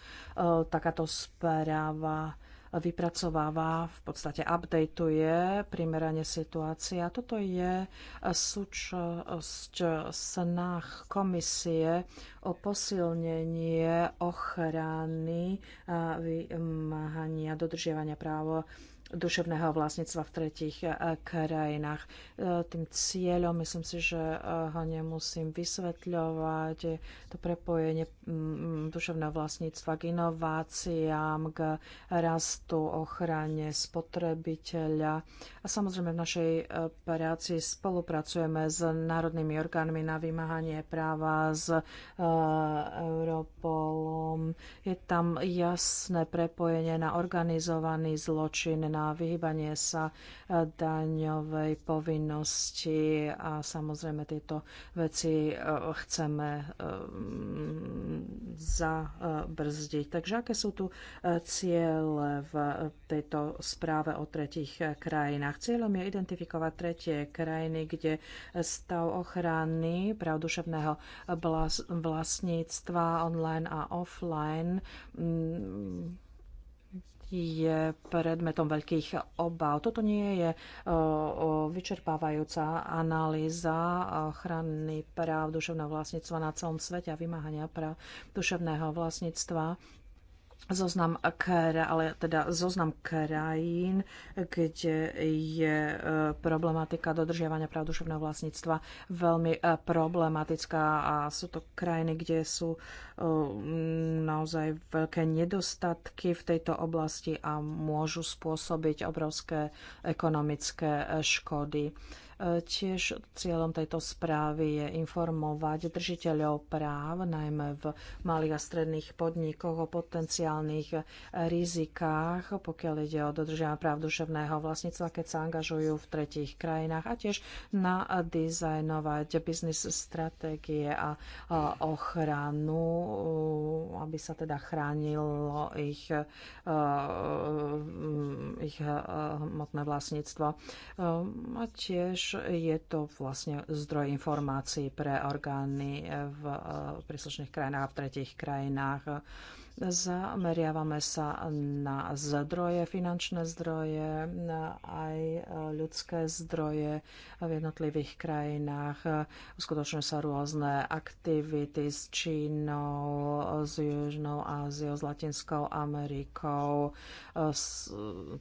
[SPEAKER 1] takáto správa vypracováva, v podstate updateuje primerane situácia. Toto je e, súčasť snah komisie o posilnenie ochrany a vymáhania dodržiavania práv duševného vlastníctva v tretich eh, krajinách. Eh, tým cieľom, myslím si, že eh, ho nemusím vysvetľovať, je to prepojenie mm, duševného vlastníctva k inováciám, k rastu, ochrane spotrebiteľa. A samozrejme v našej práci spolupracujeme s národnými orgánmi na vymáhanie práva, s Europolom. Je tam jasné prepojenie na organizovaný zločin, na vyhýbanie sa e, daňovej povinnosti a samozrejme tieto veci e, chceme e, zabrzdiť. Takže aké sú tu ciele v tejto správe o tretich krajinách? Cieľom je identifikovať tretie krajiny, kde stav ochrany pravduševného vlastníctva online a offline je predmetom veľkých obáv. Toto nie je e, e, vyčerpávajúca analýza ochrany práv duševného vlastníctva na celom svete a vymáhania práv duševného vlastníctva zoznam kraj, ale teda zoznam krajín, kde je e, problematika dodržiavania práv duševného vlastníctva veľmi e, problematická a sú to krajiny, kde sú e, naozaj veľké nedostatky v tejto oblasti a môžu spôsobiť obrovské ekonomické škody. Tiež cieľom tejto správy je informovať držiteľov práv, najmä v malých a stredných podnikoch, o potenciálnych rizikách, pokiaľ ide o dodržiavanie práv duševného vlastníctva, keď sa angažujú v tretích krajinách a tiež nadizajnovať biznis stratégie a ochranu, aby sa teda chránilo ich, e, e, ich e, hmotné vlastníctvo. A tiež tiež je to vlastne zdroj informácií pre orgány v eh, príslušných krajinách a v tretich krajinách. Zameriavame sa na zdroje, finančné zdroje, na aj ľudské zdroje v jednotlivých krajinách. uskutočne sa rôzne aktivity s Čínou, s Južnou Áziou, s Latinskou Amerikou.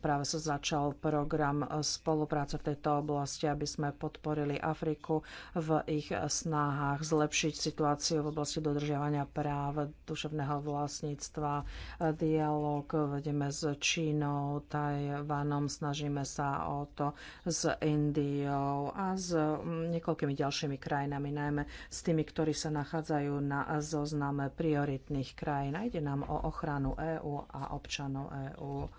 [SPEAKER 1] Práve sa začal program spolupráce v tejto oblasti, aby sme podporili Afriku v ich snahách zlepšiť situáciu v oblasti dodržiavania práv duševného vlastníctva predsedníctva. dialog, vedeme s Čínou, Tajvanom, snažíme sa o to s Indiou a s mm, niekoľkými ďalšími krajinami, najmä s tými, ktorí sa nachádzajú na zozname prioritných krajín. A ide nám o ochranu EÚ a občanov EÚ.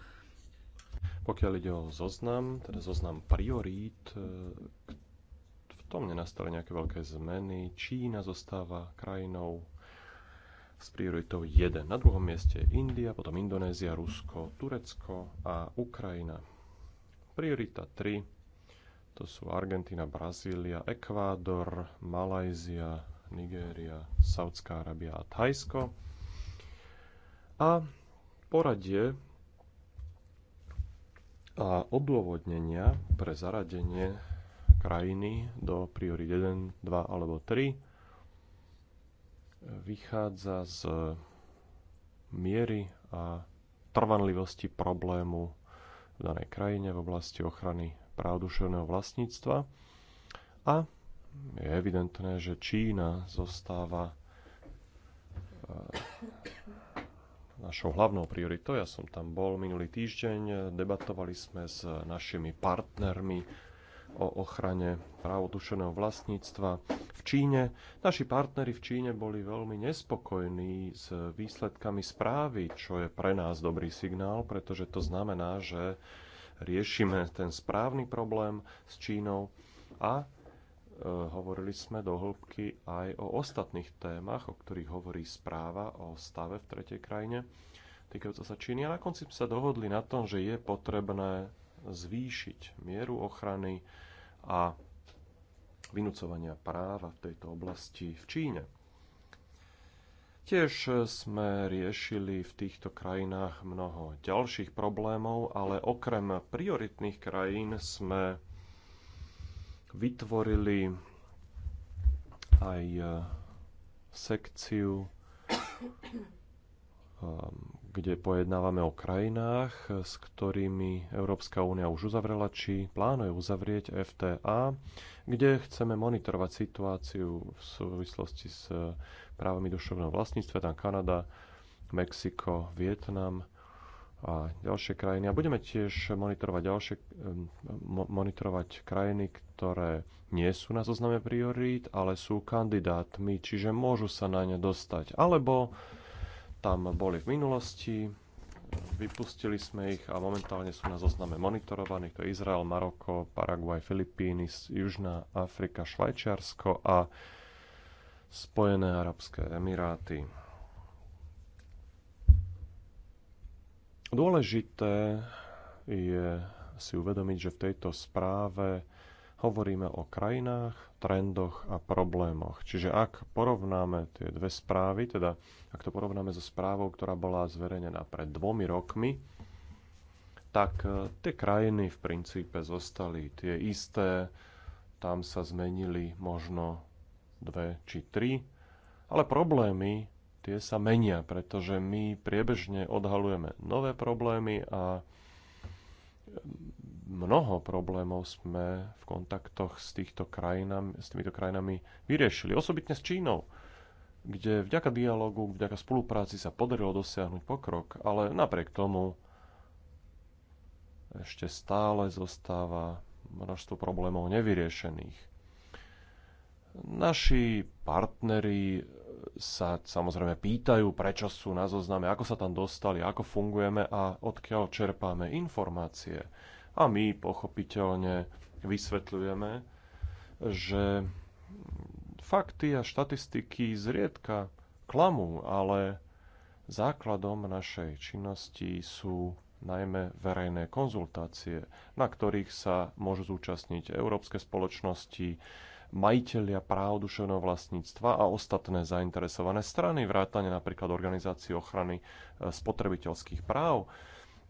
[SPEAKER 2] Pokiaľ ide o zoznam, teda zoznam priorít, e, v tom nenastali nejaké veľké zmeny. Čína zostáva krajinou, s prioritou 1. Na druhom mieste je India, potom Indonézia, Rusko, Turecko a Ukrajina. Priorita 3. To sú Argentina, Brazília, Ekvádor, Malajzia, Nigéria, Saudská Arábia a Thajsko. A poradie a odôvodnenia pre zaradenie krajiny do priorit 1, 2 alebo 3 vychádza z miery a trvanlivosti problému v danej krajine v oblasti ochrany práv duševného vlastníctva a je evidentné, že Čína zostáva e, našou hlavnou prioritou. Ja som tam bol minulý týždeň, debatovali sme s našimi partnermi o ochrane právo dušeného vlastníctva v Číne. Naši partneri v Číne boli veľmi nespokojní s výsledkami správy, čo je pre nás dobrý signál, pretože to znamená, že riešime ten správny problém s Čínou a e, hovorili sme do hĺbky aj o ostatných témach, o ktorých hovorí správa o stave v tretej krajine týkajúca sa Číny. A na konci sa dohodli na tom, že je potrebné zvýšiť mieru ochrany a vynúcovania práva v tejto oblasti v Číne. Tiež sme riešili v týchto krajinách mnoho ďalších problémov, ale okrem prioritných krajín sme vytvorili aj sekciu, ehm, kde pojednávame o krajinách, s ktorými Európska únia už uzavrela či plánuje uzavrieť FTA, kde chceme monitorovať situáciu v súvislosti s právami duševného vlastníctva, tam Kanada, Mexiko, Vietnam a ďalšie krajiny. A budeme tiež monitorovať, ďalšie, monitorovať krajiny, ktoré nie sú na zozname priorít, ale sú kandidátmi, čiže môžu sa na ne dostať. Alebo tam boli v minulosti. Vypustili sme ich a momentálne sú na zozname monitorovaných. To je Izrael, Maroko, Paraguaj, Filipíny, Južná Afrika, Švajčiarsko a Spojené arabské emiráty. Dôležité je si uvedomiť, že v tejto správe hovoríme o krajinách, trendoch a problémoch. Čiže ak porovnáme tie dve správy, teda ak to porovnáme so správou, ktorá bola zverejnená pred dvomi rokmi, tak e, tie krajiny v princípe zostali tie isté, tam sa zmenili možno dve či tri, ale problémy tie sa menia, pretože my priebežne odhalujeme nové problémy a mnoho problémov sme v kontaktoch s, týchto krajinami, s týmito krajinami vyriešili, osobitne s Čínou kde vďaka dialogu, vďaka spolupráci sa podarilo dosiahnuť pokrok, ale napriek tomu ešte stále zostáva množstvo problémov nevyriešených. Naši partneri sa samozrejme pýtajú, prečo sú na zozname, ako sa tam dostali, ako fungujeme a odkiaľ čerpáme informácie a my pochopiteľne vysvetľujeme, že fakty a štatistiky zriedka klamú, ale základom našej činnosti sú najmä verejné konzultácie, na ktorých sa môžu zúčastniť európske spoločnosti, majiteľia práv duševného vlastníctva a ostatné zainteresované strany, vrátane napríklad organizácií ochrany eh, spotrebiteľských práv.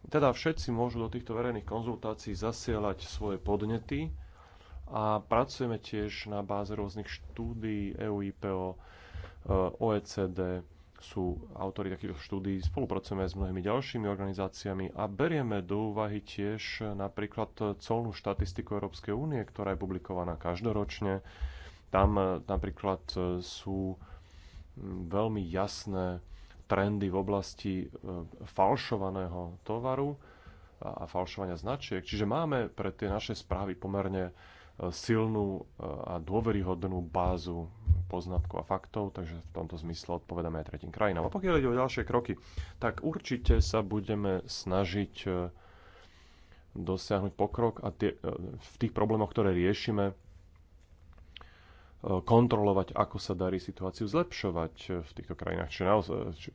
[SPEAKER 2] Teda všetci môžu do týchto verejných konzultácií zasielať svoje podnety a pracujeme tiež na báze rôznych štúdí EUIPO, e, OECD, sú autory takýchto štúdí, spolupracujeme aj s mnohými ďalšími organizáciami a berieme do úvahy tiež napríklad colnú štatistiku Európskej únie, ktorá je publikovaná každoročne. Tam e, napríklad e, sú veľmi jasné trendy v oblasti e, falšovaného tovaru a falšovania značiek. Čiže máme pre tie naše správy pomerne e, silnú e, a dôveryhodnú bázu poznatkov a faktov, takže v tomto zmysle odpovedáme aj tretím krajinám. A pokiaľ ide o ďalšie kroky, tak určite sa budeme snažiť dosiahnuť pokrok a tie, v tých problémoch, ktoré riešime, Eh, kontrolovať, ako sa darí situáciu zlepšovať eh, v týchto krajinách. Čiže naozaj, či,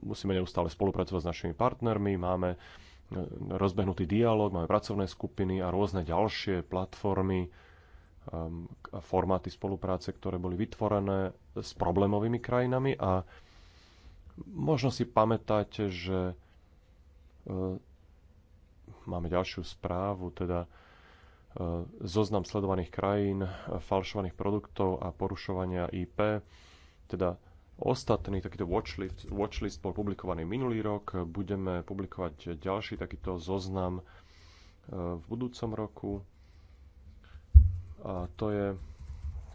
[SPEAKER 2] musíme neustále spolupracovať s našimi partnermi, máme eh, rozbehnutý dialog, máme pracovné skupiny a rôzne ďalšie platformy ehm, a formáty spolupráce, ktoré boli vytvorené s problémovými krajinami a možno si pamätáte, že máme ďalšiu správu, teda E, zoznam sledovaných krajín, e, falšovaných produktov a porušovania IP. Teda ostatný takýto watchlist, watchlist bol publikovaný minulý rok. Budeme publikovať ďalší takýto zoznam e, v budúcom roku. A to je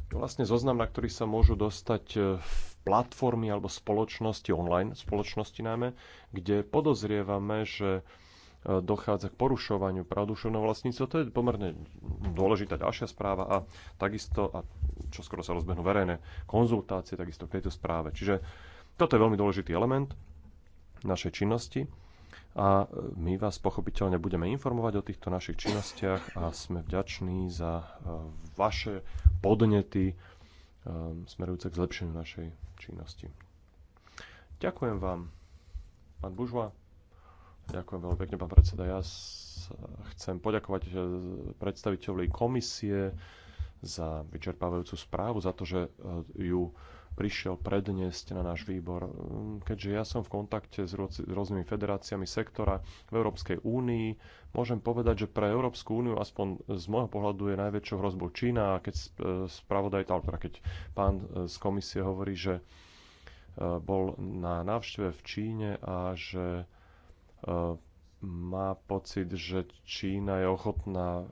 [SPEAKER 2] vlastne zoznam, na ktorý sa môžu dostať v platformy alebo spoločnosti, online spoločnosti najmä, kde podozrievame, že E, dochádza k porušovaniu práv duševného vlastníctva. To je pomerne dôležitá ďalšia správa a takisto, a čo skoro sa rozbehnú verejné konzultácie, takisto k tejto správe. Čiže toto je veľmi dôležitý element našej činnosti a e, my vás pochopiteľne budeme informovať o týchto našich činnostiach a sme vďační za e, vaše podnety smerujúce k zlepšeniu našej činnosti. Ďakujem vám, pán Bužva. Ďakujem veľmi pekne, pán predseda. Ja chcem poďakovať predstaviteľovi komisie za vyčerpávajúcu správu, za to, že e, ju prišiel predniesť na náš výbor. Mm, keďže ja som v kontakte s rôznymi federáciami sektora v Európskej únii, môžem povedať, že pre Európsku úniu aspoň z môjho pohľadu je najväčšou hrozbou Čína a keď e, spravodaj, alebo teda keď pán e, z komisie hovorí, že bol na návšteve v Číne a že Ehm, má pocit, že Čína je ochotná ehm,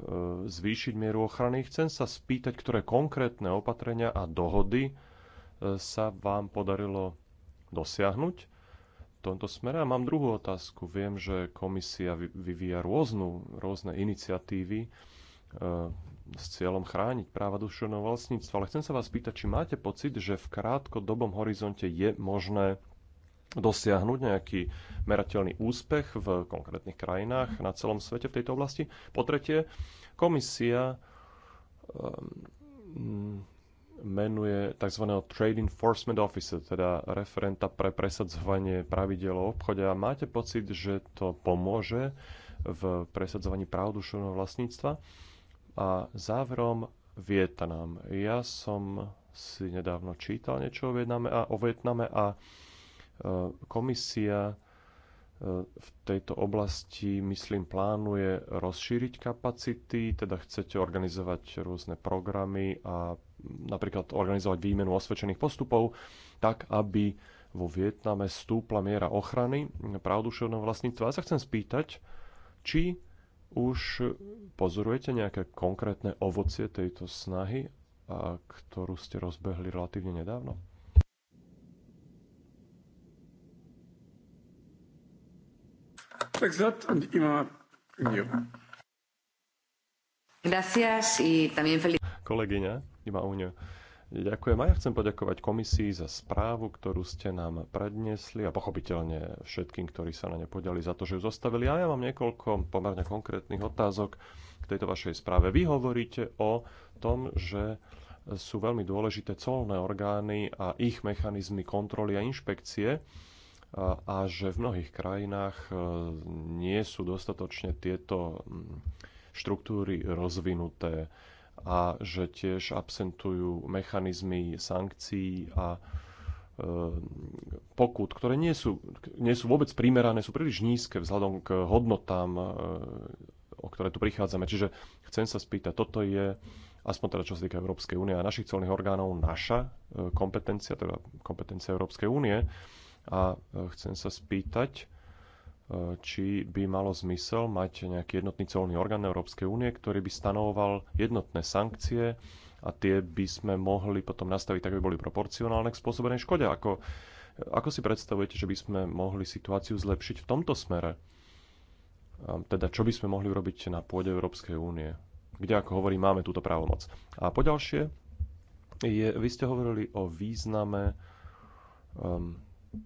[SPEAKER 2] zvýšiť mieru ochrany. Chcem sa spýtať, ktoré konkrétne opatrenia a dohody ehm, sa vám podarilo dosiahnuť v tomto smere. A mám druhú otázku. Viem, že komisia vyvíja rôznu, rôzne iniciatívy s cieľom chrániť práva duševného vlastníctva. Ale chcem sa vás pýtať, či máte pocit, že v krátkodobom horizonte je možné dosiahnuť nejaký merateľný úspech v konkrétnych krajinách na celom svete v tejto oblasti. Po tretie, komisia um, menuje tzv. Trade Enforcement Officer, teda referenta pre presadzovanie pravidel o obchode a máte pocit, že to pomôže v presadzovaní práv duševného vlastníctva. A záverom Vietnam. Ja som si nedávno čítal niečo o Vietname a, o Vietname a Komisia e, v tejto oblasti, myslím, plánuje rozšíriť kapacity, teda chcete organizovať rôzne programy a napríklad organizovať výmenu osvedčených postupov, tak aby vo Vietname stúpla miera ochrany práv duševného vlastníctva. Ja sa chcem spýtať, či už pozorujete nejaké konkrétne ovocie tejto snahy, ktorú ste rozbehli relatívne nedávno? Thanks a Gracias y también feliz... Kolegyňa Ima Uňo, Ďakujem a ja chcem poďakovať komisii za správu, ktorú ste nám predniesli a pochopiteľne všetkým, ktorí sa na ne podiali za to, že ju zostavili. A ja mám niekoľko pomerne konkrétnych otázok k tejto vašej správe. Vy hovoríte o tom, že sú veľmi dôležité colné orgány a ich mechanizmy kontroly a inšpekcie a že v mnohých krajinách e, nie sú dostatočne tieto štruktúry rozvinuté a že tiež absentujú mechanizmy sankcií a e, pokut, ktoré nie sú, nie sú vôbec primerané, sú príliš nízke vzhľadom k hodnotám, e, o ktoré tu prichádzame. Čiže chcem sa spýtať, toto je, aspoň teda čo sa týka Európskej únie a našich colných orgánov, naša kompetencia, teda kompetencia Európskej únie, a e, chcem sa spýtať, e, či by malo zmysel mať nejaký jednotný colný orgán Európskej únie, ktorý by stanovoval jednotné sankcie a tie by sme mohli potom nastaviť tak, aby boli proporcionálne k spôsobenej škode. Ako, ako si predstavujete, že by sme mohli situáciu zlepšiť v tomto smere? Teda, čo by sme mohli urobiť na pôde Európskej únie? Kde, ako hovorím, máme túto právomoc. A poďalšie, je, vy ste hovorili o význame um, E,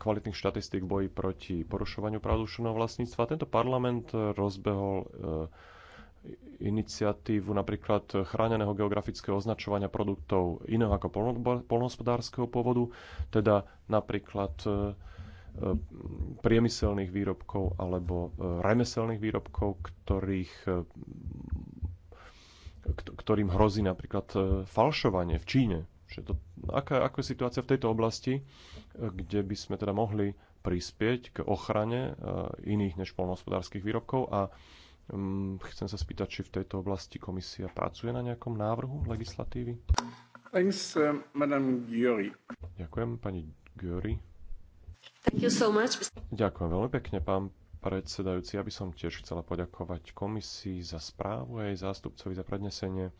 [SPEAKER 2] kvalitných štatistík v boji proti porušovaniu práv duševného vlastníctva. Tento parlament rozbehol e, iniciatívu napríklad chráneného geografického označovania produktov iného ako polnohospodárskeho pôvodu, teda napríklad e, priemyselných výrobkov alebo remeselných výrobkov, ktorých, ktorým hrozí napríklad falšovanie v Číne že to, aká, aká je situácia v tejto oblasti, eh, kde by sme teda mohli prispieť k ochrane eh, iných než polnohospodárských výrobkov a mm, chcem sa spýtať, či v tejto oblasti komisia pracuje na nejakom návrhu legislatívy. Thanks, uh, Giori. Ďakujem, pani Giori.
[SPEAKER 1] Thank you so much.
[SPEAKER 2] Ďakujem veľmi pekne, pán predsedajúci. Ja by som tiež chcela poďakovať komisii za správu a jej zástupcovi za prednesenie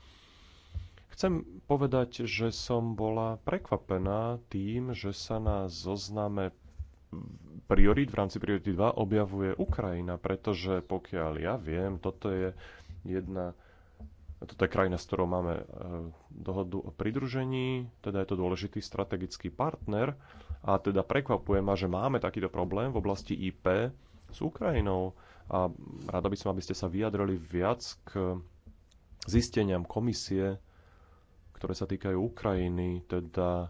[SPEAKER 2] Chcem povedať, že som bola prekvapená tým, že sa na zozname priorit v rámci priority 2 objavuje Ukrajina, pretože pokiaľ ja viem, toto je jedna toto je krajina, s ktorou máme e, dohodu o pridružení, teda je to dôležitý strategický partner a teda prekvapuje ma, že máme takýto problém v oblasti IP s Ukrajinou a rada by som, aby ste sa vyjadrili viac k zisteniam komisie ktoré sa týkajú Ukrajiny, teda e,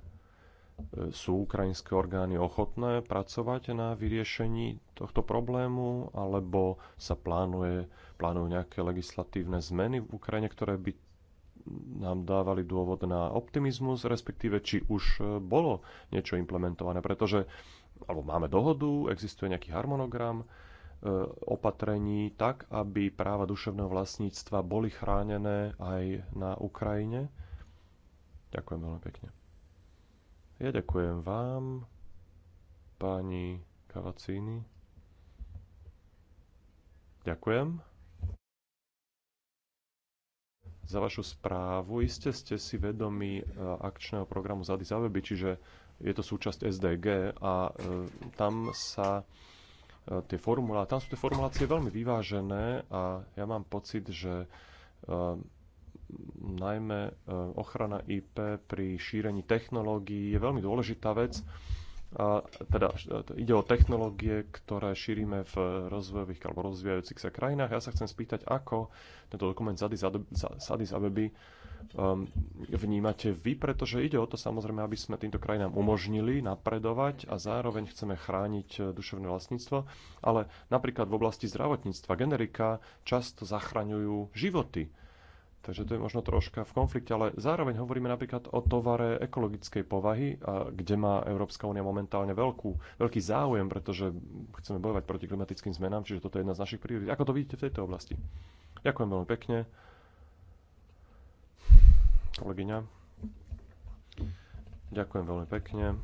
[SPEAKER 2] sú ukrajinské orgány ochotné pracovať na vyriešení tohto problému, alebo sa plánuje, plánujú nejaké legislatívne zmeny v Ukrajine, ktoré by nám dávali dôvod na optimizmus, respektíve či už e, bolo niečo implementované, pretože alebo máme dohodu, existuje nejaký harmonogram e, opatrení tak, aby práva duševného vlastníctva boli chránené aj na Ukrajine. Ďakujem veľmi pekne. Ja ďakujem vám, pani Kavacíny. Ďakujem za vašu správu. Iste ste si vedomi e, akčného programu Zady weby, čiže je to súčasť SDG a e, tam sa e, tie formulá, tam sú tie formulácie veľmi vyvážené a ja mám pocit, že najmä e, ochrana IP pri šírení technológií je veľmi dôležitá vec. A teda e, ide o technológie, ktoré šírime v rozvojových alebo rozvíjajúcich sa krajinách. Ja sa chcem spýtať, ako tento dokument z Addis Abeby um, vnímate vy, pretože ide o to samozrejme, aby sme týmto krajinám umožnili napredovať a zároveň chceme chrániť duševné vlastníctvo, ale napríklad v oblasti zdravotníctva generika často zachraňujú životy Takže to je možno troška v konflikte, ale zároveň hovoríme napríklad o tovare ekologickej povahy, a kde má Európska únia momentálne veľkú, veľký záujem, pretože chceme bojovať proti klimatickým zmenám, čiže toto je jedna z našich priorít. Ako to vidíte v tejto oblasti? Ďakujem veľmi pekne. Kolegyňa. Ďakujem veľmi pekne.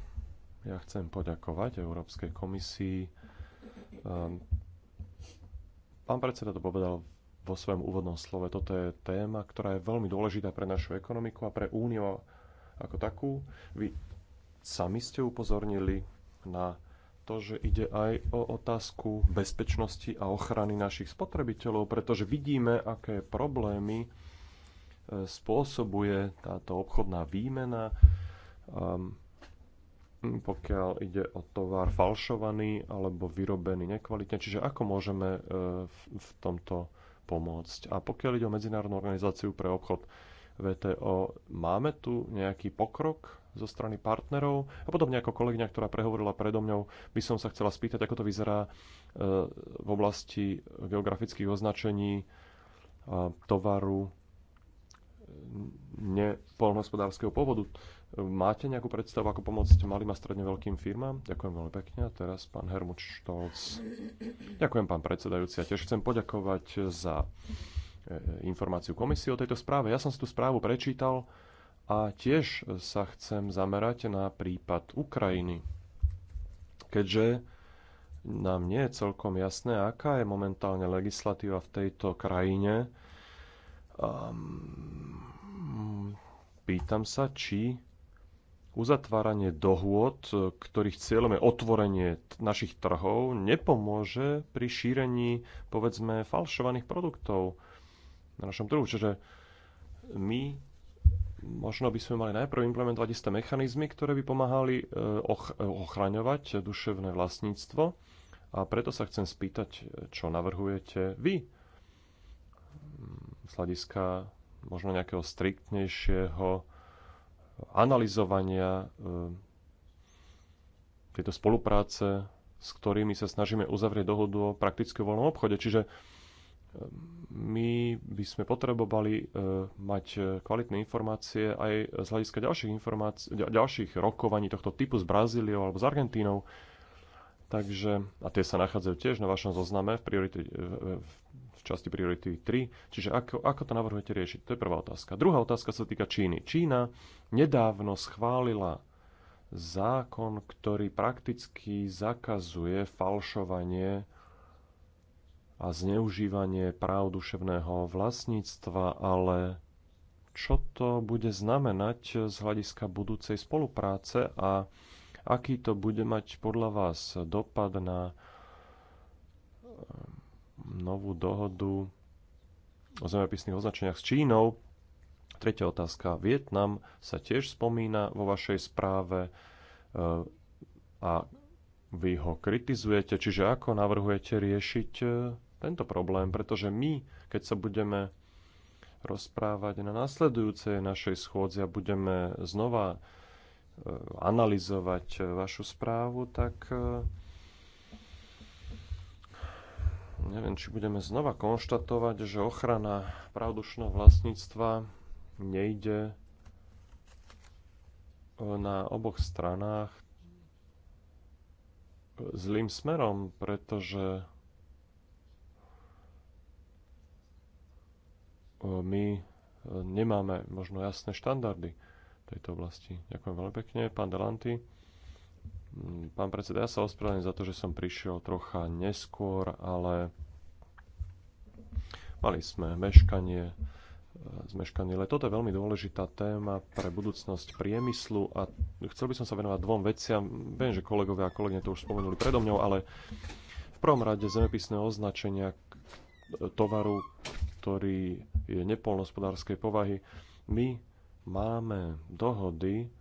[SPEAKER 2] Ja chcem poďakovať Európskej komisii. Ehm, pán predseda to povedal vo svojom úvodnom slove. Toto je téma, ktorá je veľmi dôležitá pre našu ekonomiku a pre úniu ako takú. Vy sami ste upozornili na to, že ide aj o otázku bezpečnosti a ochrany našich spotrebiteľov, pretože vidíme, aké problémy e, spôsobuje táto obchodná výmena, um, pokiaľ ide o tovar falšovaný alebo vyrobený nekvalitne. Čiže ako môžeme e, v tomto pomôcť. A pokiaľ ide o Medzinárodnú organizáciu pre obchod VTO, máme tu nejaký pokrok zo strany partnerov? A podobne ako kolegyňa, ktorá prehovorila predo mňou, by som sa chcela spýtať, ako to vyzerá e, v oblasti geografických označení tovaru e, nepolnohospodárskeho pôvodu. Máte nejakú predstavu, ako pomôcť malým a stredne veľkým firmám? Ďakujem veľmi pekne. A teraz pán Hermuč Štolc. Ďakujem, pán predsedajúci. Ja tiež chcem poďakovať za e, informáciu komisie o tejto správe. Ja som si tú správu prečítal a tiež sa chcem zamerať na prípad Ukrajiny. Keďže nám nie je celkom jasné, aká je momentálne legislatíva v tejto krajine, um, pýtam sa, či uzatváranie dohôd, e, ktorých cieľom je otvorenie našich trhov, nepomôže pri šírení, povedzme, falšovaných produktov na našom trhu. Čiže my možno by sme mali najprv implementovať isté mechanizmy, ktoré by pomáhali e, ochraňovať duševné vlastníctvo. A preto sa chcem spýtať, e, čo navrhujete vy mm, z hľadiska možno nejakého striktnejšieho analyzovania eh, tejto spolupráce, s ktorými sa snažíme uzavrieť dohodu o prakticky voľnom obchode. Čiže eh, my by sme potrebovali eh, mať kvalitné informácie aj z hľadiska ďalších, informácií, ďalších rokovaní tohto typu s Brazíliou alebo s Argentínou. Takže, a tie sa nachádzajú tiež na vašom zozname v, priorite, v časti priority 3. Čiže ako, ako to navrhujete riešiť? To je prvá otázka. Druhá otázka sa týka Číny. Čína nedávno schválila zákon, ktorý prakticky zakazuje falšovanie a zneužívanie práv duševného vlastníctva, ale čo to bude znamenať z hľadiska budúcej spolupráce a aký to bude mať podľa vás dopad na novú dohodu o zemepisných označeniach s Čínou. Tretia otázka. Vietnam sa tiež spomína vo vašej správe e, a vy ho kritizujete. Čiže ako navrhujete riešiť e, tento problém? Pretože my, keď sa budeme rozprávať na nasledujúcej našej schôdzi a budeme znova e, analyzovať vašu správu, tak neviem, či budeme znova konštatovať, že ochrana pravdušného vlastníctva nejde e, na oboch stranách zlým smerom, pretože e, my e, nemáme možno jasné štandardy tejto oblasti. Ďakujem veľmi pekne, pán Delanty. Pán predseda, ja sa ospravedlňujem za to, že som prišiel trocha neskôr, ale mali sme meškanie, e, zmeškanie, ale Toto je veľmi dôležitá téma pre budúcnosť priemyslu a chcel by som sa venovať dvom veciam. Viem, že kolegovia a kolegyne to už spomenuli predo mňou, ale v prvom rade zemepisné označenia e, tovaru, ktorý je nepolnospodárskej povahy. My máme dohody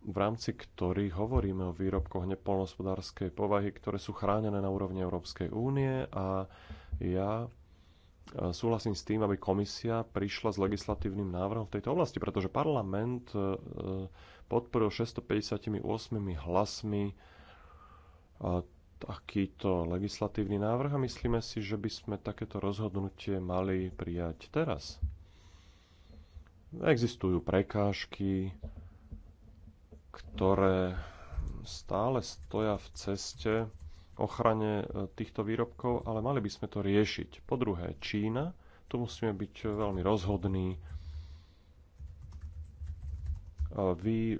[SPEAKER 2] v rámci ktorých hovoríme o výrobkoch nepolnospodárskej povahy, ktoré sú chránené na úrovni Európskej únie a ja e, súhlasím s tým, aby komisia prišla s legislatívnym návrhom v tejto oblasti, pretože parlament e, e, podporil 658 hlasmi takýto legislatívny návrh a myslíme si, že by sme takéto rozhodnutie mali prijať teraz. Existujú prekážky, ktoré stále stoja v ceste ochrane e, týchto výrobkov, ale mali by sme to riešiť. Po druhé, Čína. Tu musíme byť veľmi rozhodní. E, vy e,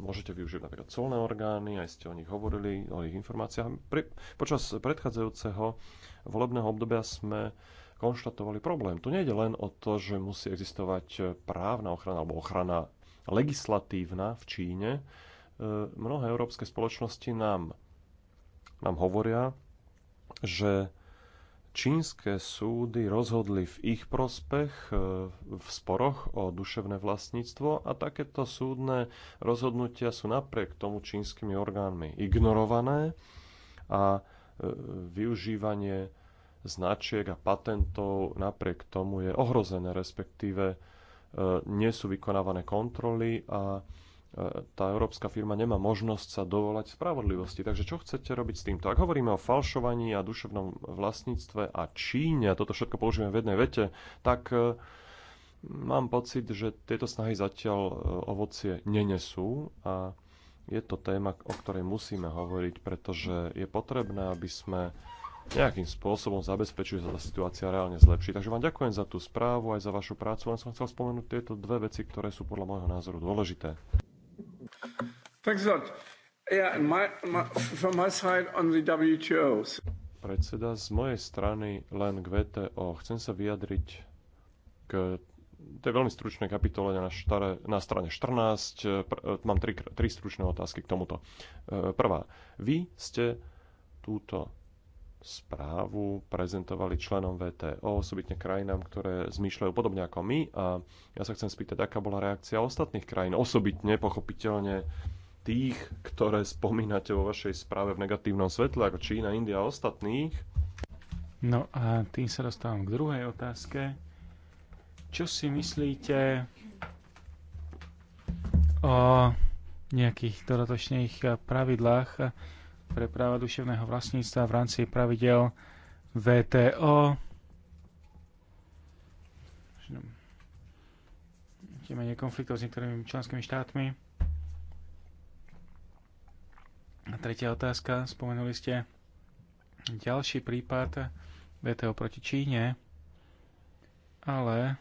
[SPEAKER 2] môžete využiť napríklad colné orgány, aj ste o nich hovorili, o ich informáciách. Pri, počas predchádzajúceho volebného obdobia sme konštatovali problém. Tu nejde len o to, že musí existovať právna ochrana alebo ochrana legislatívna v Číne, e, mnohé európske spoločnosti nám, nám hovoria, že čínske súdy rozhodli v ich prospech e, v sporoch o duševné vlastníctvo a takéto súdne rozhodnutia sú napriek tomu čínskymi orgánmi ignorované a e, využívanie značiek a patentov napriek tomu je ohrozené, respektíve nie sú vykonávané kontroly a e, tá európska firma nemá možnosť sa dovolať spravodlivosti. Takže čo chcete robiť s týmto? Ak hovoríme o falšovaní a duševnom vlastníctve a Číne, a toto všetko použijeme v jednej vete, tak e, mám pocit, že tieto snahy zatiaľ e, ovocie nenesú a je to téma, o ktorej musíme hovoriť, pretože je potrebné, aby sme nejakým spôsobom zabezpečuje že sa tá situácia reálne zlepší. Takže vám ďakujem za tú správu aj za vašu prácu. Len som chcel spomenúť tieto dve veci, ktoré sú podľa môjho názoru dôležité. Yeah, my, my,
[SPEAKER 1] from my side on the
[SPEAKER 2] Predseda, z mojej strany len k VTO. Chcem sa vyjadriť k tej veľmi stručnej kapitole na, štare, na strane 14. Pr- mám tri, tri stručné otázky k tomuto. E, prvá. Vy ste túto správu prezentovali členom VTO, osobitne krajinám, ktoré zmýšľajú podobne ako my. A ja sa chcem spýtať, aká bola reakcia ostatných krajín, osobitne, pochopiteľne, tých, ktoré spomínate vo vašej správe v negatívnom svetle, ako Čína, India a ostatných.
[SPEAKER 3] No a tým sa dostávam k druhej otázke. Čo si myslíte o nejakých dodatočných pravidlách, pre práva duševného vlastníctva v rámci pravidel VTO. Menej konfliktov s niektorými členskými štátmi. A tretia otázka. Spomenuli ste ďalší prípad VTO proti Číne, ale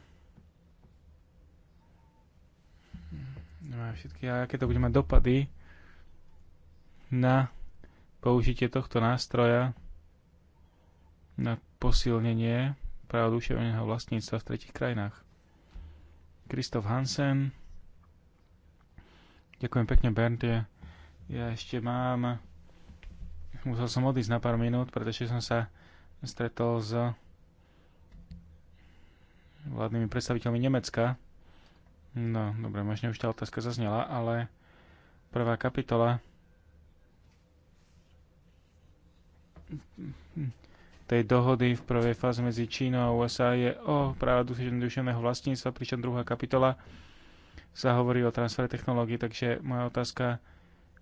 [SPEAKER 3] všetky, aké to bude mať dopady na použitie tohto nástroja na posilnenie práva duševného vlastníctva v tretich krajinách. Kristof Hansen. Ďakujem pekne, Bernd. Ja ešte mám... Musel som odísť na pár minút, pretože som sa stretol s vládnymi predstaviteľmi Nemecka. No, dobre, možno už tá otázka zaznela, ale prvá kapitola tej dohody v prvej fáze medzi Čínou a USA je o práva duševného vlastníctva, pričom druhá kapitola sa hovorí o transfere technológií, takže moja otázka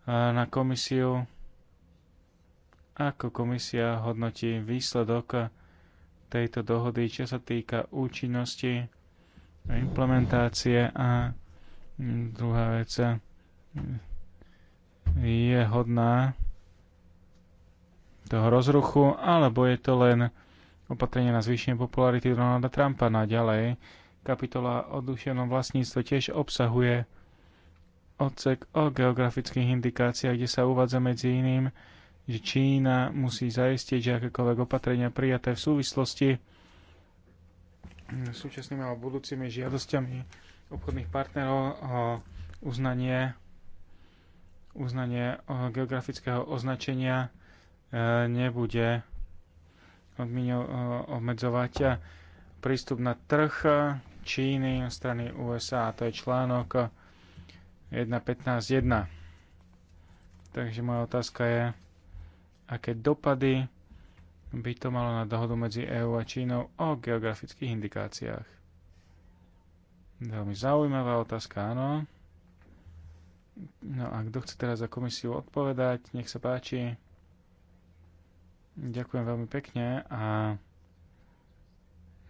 [SPEAKER 3] na komisiu, ako komisia hodnotí výsledok tejto dohody, čo sa týka účinnosti, implementácie a mm, druhá vec mm, je hodná toho rozruchu, alebo je to len opatrenie na zvýšenie popularity Donalda Trumpa na no ďalej. Kapitola o duševnom vlastníctve tiež obsahuje odsek o geografických indikáciách, kde sa uvádza medzi iným, že Čína musí zaistiť, že akékoľvek opatrenia prijaté v súvislosti s súčasnými alebo budúcimi žiadosťami obchodných partnerov o uznanie, uznanie geografického označenia E, nebude e, obmedzovať prístup na trh Číny zo strany USA. To je článok 1.15.1. Takže moja otázka je, aké dopady by to malo na dohodu medzi EÚ a Čínou o geografických indikáciách. Veľmi zaujímavá otázka, áno. No a kto chce teraz za komisiu odpovedať, nech sa páči. Ďakujem veľmi pekne a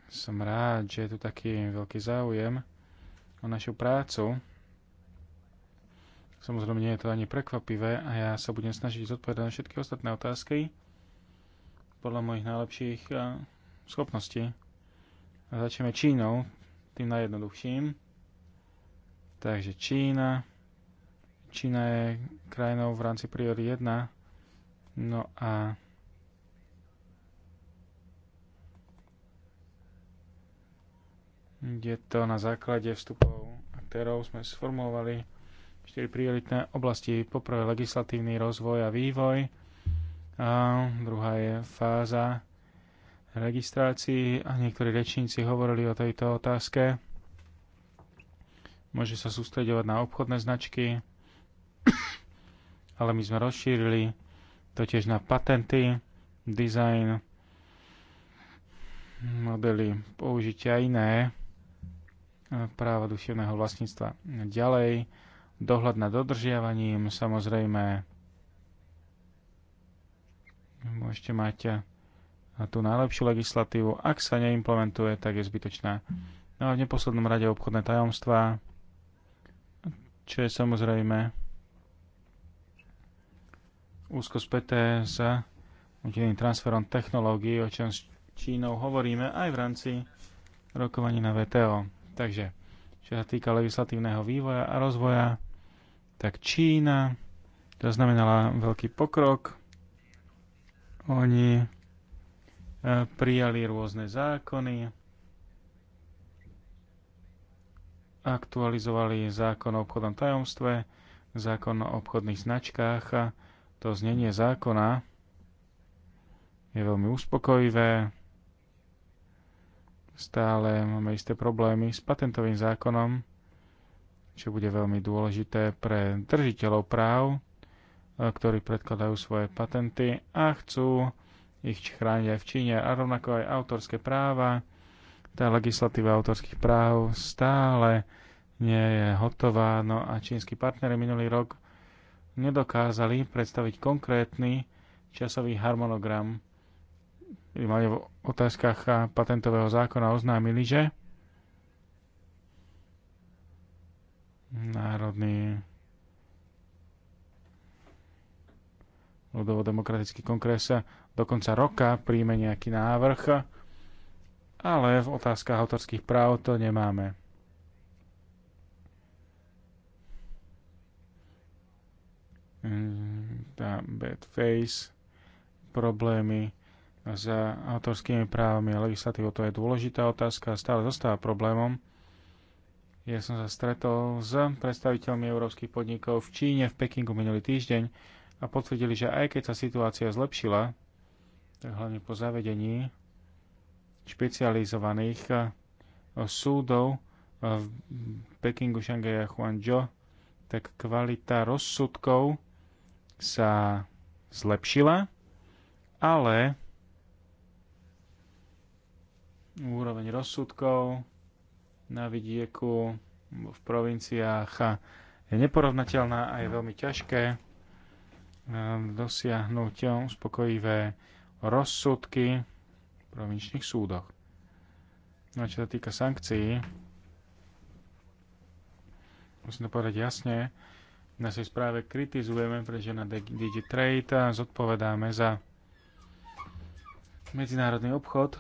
[SPEAKER 3] som rád, že je tu taký veľký záujem o našu prácu. Samozrejme, nie je to ani prekvapivé a ja sa budem snažiť zodpovedať na všetky ostatné otázky podľa mojich najlepších eh, schopností. A začneme Čínou, tým najjednoduchším. Takže Čína. Čína je krajinou v rámci priory 1. No a kde to na základe vstupov aktérov sme sformulovali štyri prioritné oblasti. Poprvé legislatívny rozvoj a vývoj, a druhá je fáza registrácií a niektorí rečníci hovorili o tejto otázke. Môže sa sústredovať na obchodné značky, ale my sme rozšírili totiž na patenty, design, modely použitia iné práva duševného vlastníctva. Ďalej, dohľad nad dodržiavaním, samozrejme, môžete mať eh, tú najlepšiu legislatívu. Ak sa neimplementuje, tak je zbytočná. No a v neposlednom rade obchodné tajomstvá, čo je samozrejme úzko späté s udeleným transferom technológií, o čom s Čínou hovoríme aj v rámci rokovaní na VTO. Takže, čo sa týka legislatívneho vývoja a rozvoja, tak Čína zaznamenala veľký pokrok. Oni e, prijali rôzne zákony, aktualizovali zákon o obchodnom tajomstve, zákon o obchodných značkách a to znenie zákona je veľmi uspokojivé stále máme isté problémy s patentovým zákonom, čo bude veľmi dôležité pre držiteľov práv, e, ktorí predkladajú svoje patenty a chcú ich chrániť aj v Číne a rovnako aj autorské práva. Tá legislatíva autorských práv stále nie je hotová, no a čínsky partnery minulý rok nedokázali predstaviť konkrétny časový harmonogram mali v otázkach patentového zákona oznámili, že Národný ľudovo-demokratický kongres do konca roka príjme nejaký návrh, ale v otázkach autorských práv to nemáme. Mm, tá bad face, problémy s autorskými právami a legislatívou. To je dôležitá otázka a stále zostáva problémom. Ja som sa stretol s predstaviteľmi európskych podnikov v Číne, v Pekingu minulý týždeň a potvrdili, že aj keď sa situácia zlepšila, tak hlavne po zavedení špecializovaných eh, súdov eh, v Pekingu, Šangaj a Huanzhou, tak kvalita rozsudkov sa zlepšila, ale úroveň rozsudkov na vidieku v provinciách je neporovnateľná a je veľmi ťažké eh, dosiahnuť uspokojivé rozsudky v provinčných súdoch. No čo sa týka sankcií, musím to povedať jasne, na našej správe kritizujeme, pretože na DigiTrade zodpovedáme za medzinárodný obchod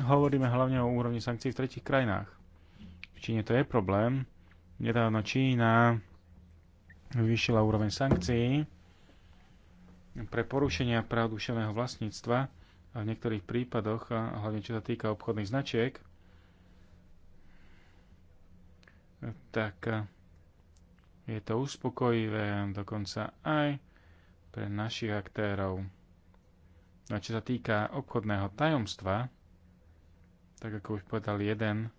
[SPEAKER 3] Hovoríme hlavne o úrovni sankcií v tretich krajinách. V Číne to je problém. Nedávno Čína vyšila úroveň sankcií pre porušenia práv duševného vlastníctva a v niektorých prípadoch, a hlavne čo sa týka obchodných značiek, tak je to uspokojivé dokonca aj pre našich aktérov. A čo sa týka obchodného tajomstva, tak ako už povedal jeden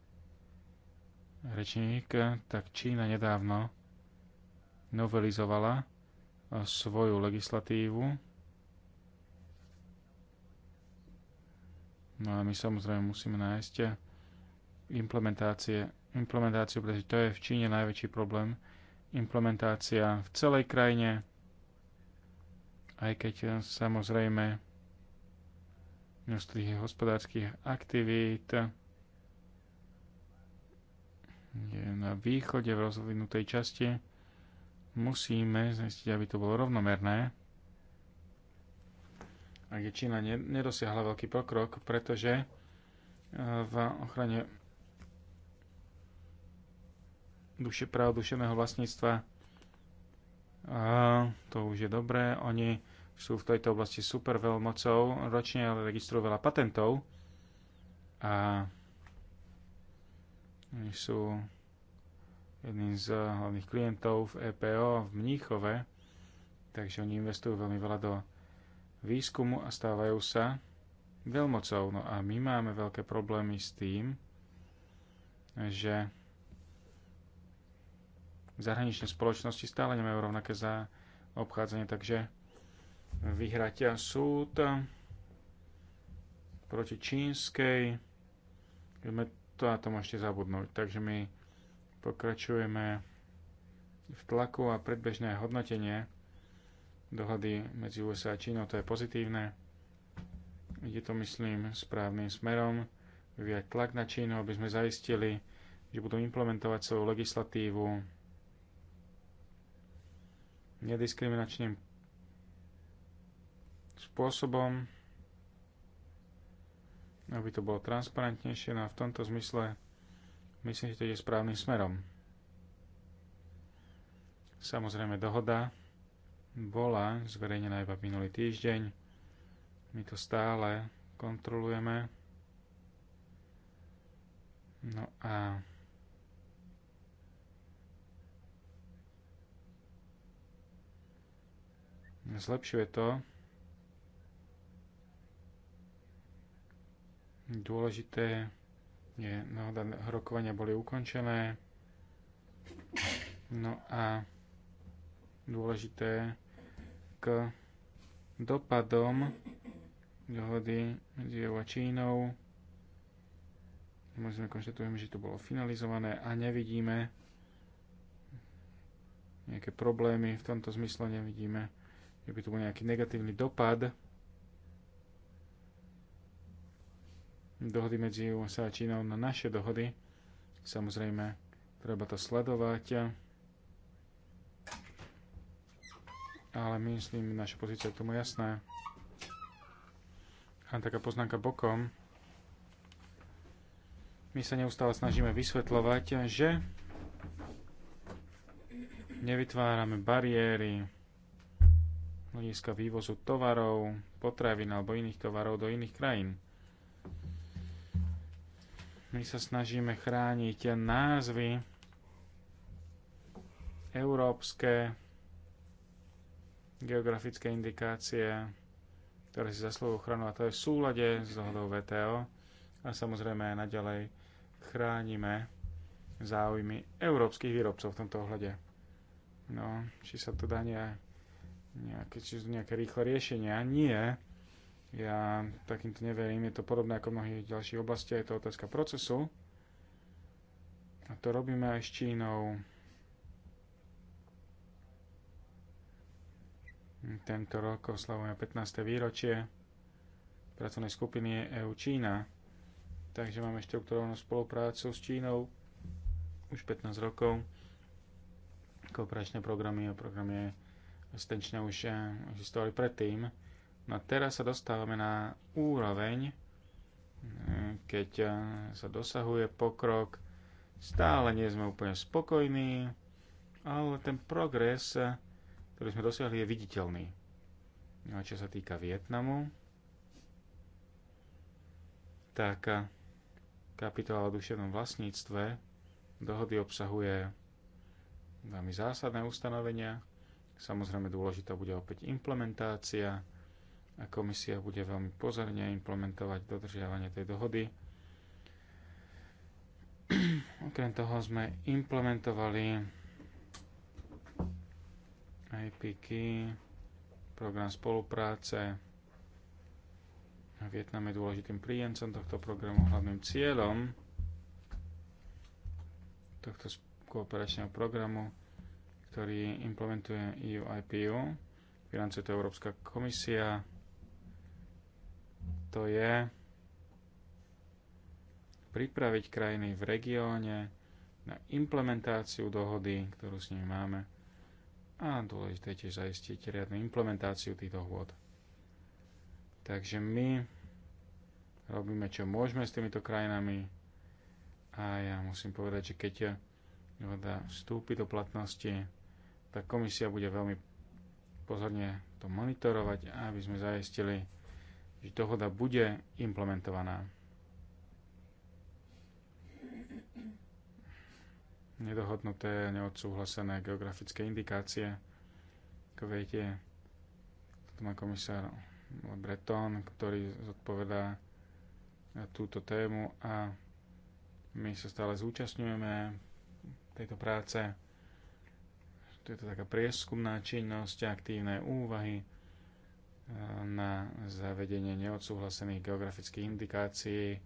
[SPEAKER 3] rečník, tak Čína nedávno novelizovala eh, svoju legislatívu. No a my samozrejme musíme nájsť implementácie, implementáciu, pretože to je v Číne najväčší problém. Implementácia v celej krajine, aj keď samozrejme množstvých hospodárskych aktivít je na východe v rozvinutej časti. Musíme zistiť, aby to bolo rovnomerné. Ak je Čína nedosiahla veľký pokrok, pretože eh, v ochrane duše práv duševného vlastníctva a eh, to už je dobré. Oni sú v tejto oblasti super veľmocou, ročne ale registrujú veľa patentov a sú jedným z hlavných klientov v EPO v Mníchove, takže oni investujú veľmi veľa do výskumu a stávajú sa veľmocou. No a my máme veľké problémy s tým, že zahraničné spoločnosti stále nemajú rovnaké za obchádzanie, takže vyhratia súd proti čínskej. Sme to na to môžete zabudnúť. Takže my pokračujeme v tlaku a predbežné hodnotenie dohody medzi USA a Čínou, to je pozitívne. Ide to, myslím, správnym smerom. Vyviať tlak na Čínu, aby sme zaistili, že budú implementovať svoju legislatívu nediskriminačným spôsobom, aby to bolo transparentnejšie. No a v tomto zmysle myslím, že to ide správnym smerom. Samozrejme, dohoda bola zverejnená iba minulý týždeň. My to stále kontrolujeme. No a zlepšuje to Dôležité je, no, rokovania boli ukončené. No a dôležité k dopadom dohody medzi EU a Čínou. Môžeme konštatujeme, že to bolo finalizované a nevidíme nejaké problémy. V tomto zmysle nevidíme, že by to bol nejaký negatívny dopad dohody medzi USA a Čínou na no naše dohody. Samozrejme, treba to sledovať. Ale myslím, naša pozícia je tomu jasná. A taká poznámka bokom. My sa neustále snažíme vysvetľovať, že nevytvárame bariéry hľadiska vývozu tovarov, potravín alebo iných tovarov do iných krajín. My sa snažíme chrániť názvy európske geografické indikácie, ktoré si zaslúhujú ochranu a to je v súlade s dohodou VTO a samozrejme aj naďalej chránime záujmy európskych výrobcov v tomto ohľade. No, či sa to dá nejaké, či sú nejaké rýchle riešenia? Nie ja takýmto neverím. Je to podobné ako v mnohých ďalších oblastiach. Je to otázka procesu. A to robíme aj s Čínou. Tento rok oslavujeme 15. výročie pracovnej skupiny EU Čína. Takže máme štruktúrovanú spoluprácu s Čínou už 15 rokov. Kooperačné programy a programy asistenčné eh, už existovali predtým No a teraz sa dostávame na úroveň, e, keď e, sa dosahuje pokrok, stále nie sme úplne spokojní, ale ten progres, e, ktorý sme dosiahli, je viditeľný. No a čo sa týka Vietnamu, tak kapitola o duševnom vlastníctve dohody obsahuje veľmi zásadné ustanovenia. Samozrejme dôležitá bude opäť implementácia, a komisia bude veľmi pozorne implementovať dodržiavanie tej dohody. Okrem toho sme implementovali IPK, program spolupráce. Vietnam je dôležitým príjemcom tohto programu. Hlavným cieľom tohto kooperačného programu, ktorý implementuje EU IPU financuje to Európska komisia, to je pripraviť krajiny v regióne na implementáciu dohody, ktorú s nimi máme a dôležité tiež zaistiť riadnu implementáciu tých dohôd. Takže my robíme, čo môžeme s týmito krajinami a ja musím povedať, že keď dohoda vstúpi do platnosti, tak komisia bude veľmi pozorne to monitorovať, aby sme zaistili že dohoda bude implementovaná. Nedohodnuté, neodsúhlasené geografické indikácie, ako viete, tu má komisár Breton, ktorý zodpovedá na túto tému a my sa stále zúčastňujeme tejto práce. To je to taká prieskumná činnosť, aktívne úvahy, na zavedenie neodsúhlasených geografických indikácií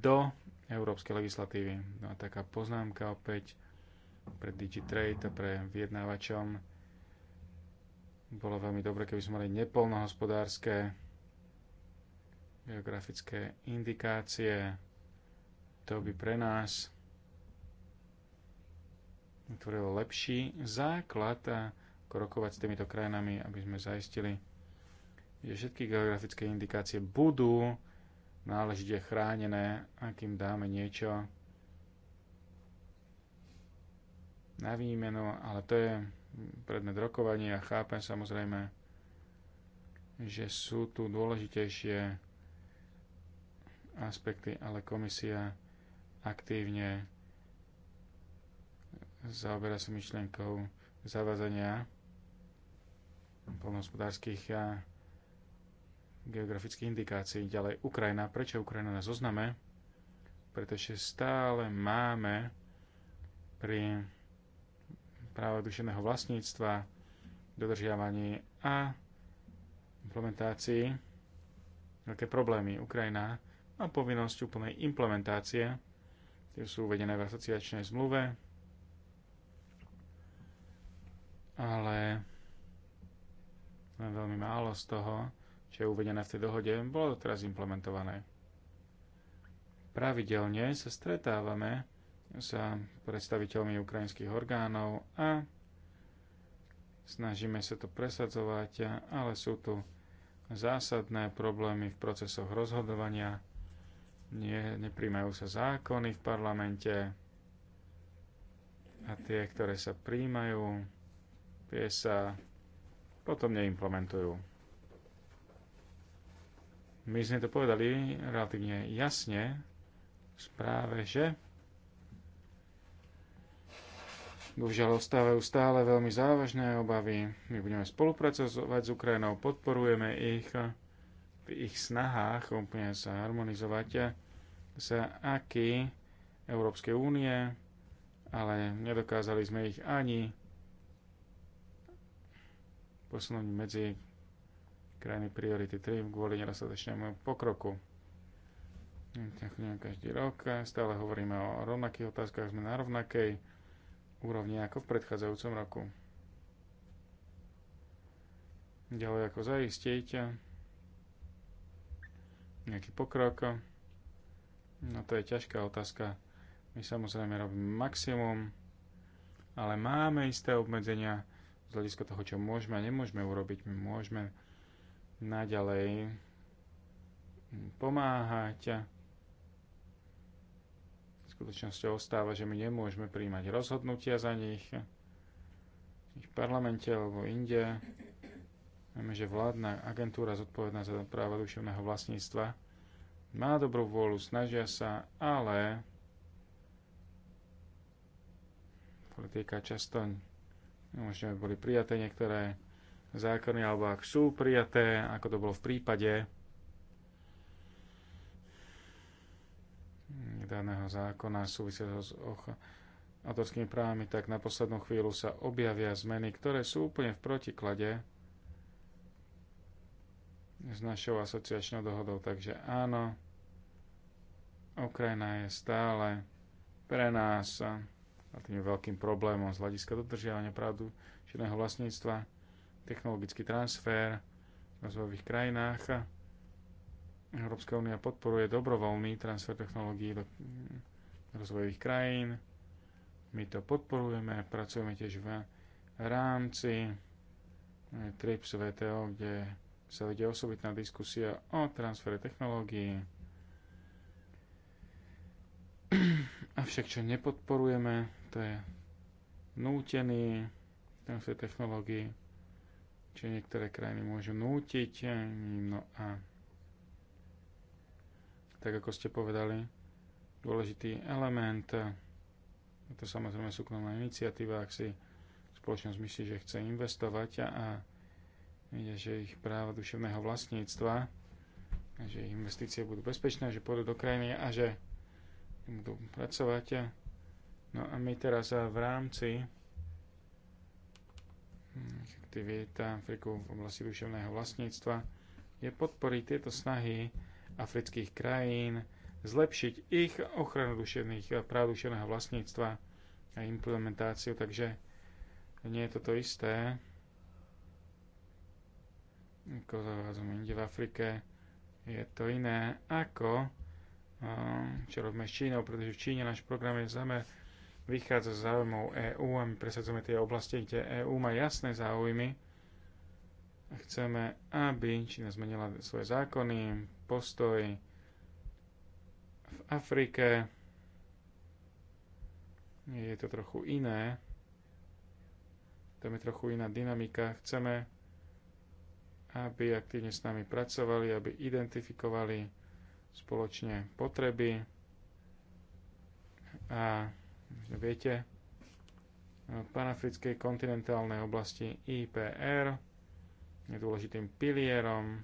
[SPEAKER 3] do európskej legislatívy. No a taká poznámka opäť pre Digitrade a pre vyjednávačom. Bolo veľmi dobre, keby sme mali nepolnohospodárske geografické indikácie. To by pre nás vytvorilo lepší základ a krokovať s týmito krajinami, aby sme zaistili že všetky geografické indikácie budú náležite chránené, akým dáme niečo na výmenu, ale to je predmet rokovania a chápem samozrejme, že sú tu dôležitejšie aspekty, ale komisia aktívne zaoberá sa myšlienkou zavazania polnohospodárských geografických indikácií. Ďalej Ukrajina. Prečo Ukrajina na zozname? Pretože stále máme pri práve dušeného vlastníctva, dodržiavaní a implementácii veľké problémy. Ukrajina má povinnosť úplnej implementácie, ktoré sú uvedené v asociačnej zmluve, ale veľmi málo z toho čo je uvedené v tej dohode, bolo to teraz implementované. Pravidelne sa stretávame sa predstaviteľmi ukrajinských orgánov a snažíme sa to presadzovať, ale sú tu zásadné problémy v procesoch rozhodovania, nie, nepríjmajú sa zákony v parlamente a tie, ktoré sa príjmajú, tie sa potom neimplementujú. My sme to povedali relatívne jasne v správe, že Bohužiaľ ostávajú stále veľmi závažné obavy. My budeme spolupracovať s Ukrajinou, podporujeme ich v ich snahách úplne sa harmonizovať sa aký Európskej únie, ale nedokázali sme ich ani posunúť medzi krajiny priority 3 kvôli nedostatečnému pokroku. Každý rok stále hovoríme o rovnakých otázkach, sme na rovnakej úrovni ako v predchádzajúcom roku. Ďalej ako zaistiť nejaký pokrok, no to je ťažká otázka. My samozrejme robíme maximum, ale máme isté obmedzenia z hľadiska toho, čo môžeme a nemôžeme urobiť. My môžeme naďalej pomáhať. Skutočnosťou ostáva, že my nemôžeme príjmať rozhodnutia za nich v parlamente alebo inde. Vieme, že vládna agentúra zodpovedná za práva duševného vlastníctva má dobrú vôľu, snažia sa, ale politika často nemôžeme boli prijaté niektoré zákony, alebo ak sú prijaté, ako to bolo v prípade daného zákona súvisiaceho s autorskými právami, tak na poslednú chvíľu sa objavia zmeny, ktoré sú úplne v protiklade s našou asociačnou dohodou. Takže áno, Ukrajina je stále pre nás a tým veľkým problémom z hľadiska dodržiavania pravdu činného vlastníctva technologický transfer v rozvojových krajinách. Európska únia podporuje dobrovoľný transfer technológií do mm, rozvojových krajín. My to podporujeme, pracujeme tiež v rámci eh, TRIPS VTO, kde sa vedie osobitná diskusia o transfere technológií. Avšak čo nepodporujeme, to je nútený transfer technológií čo niektoré krajiny môžu nútiť. Eh, no a tak ako ste povedali, dôležitý element, je eh, to samozrejme súkromná iniciatíva, ak si spoločnosť myslí, že chce investovať a, a vidia, že ich práva duševného vlastníctva, že ich investície budú bezpečné, že pôjdu do krajiny a že budú pracovať. Eh. No a my teraz v rámci hm, aktivít Afriku v oblasti duševného vlastníctva je podporiť tieto snahy afrických krajín, zlepšiť ich ochranu duševných, práv duševného vlastníctva a implementáciu, takže nie je toto isté, ako zavádzam inde v Afrike, je to iné ako ehm, čo robíme s Čínou, pretože v Číne náš program je zamer, vychádza z záujmov EÚ a my presadzujeme tie oblasti, kde EÚ má jasné záujmy. a Chceme, aby Čína zmenila svoje zákony, postoj v Afrike. Je to trochu iné. Tam je trochu iná dynamika. Chceme, aby aktívne s nami pracovali, aby identifikovali spoločne potreby a viete, v panafrickej kontinentálnej oblasti IPR je dôležitým pilierom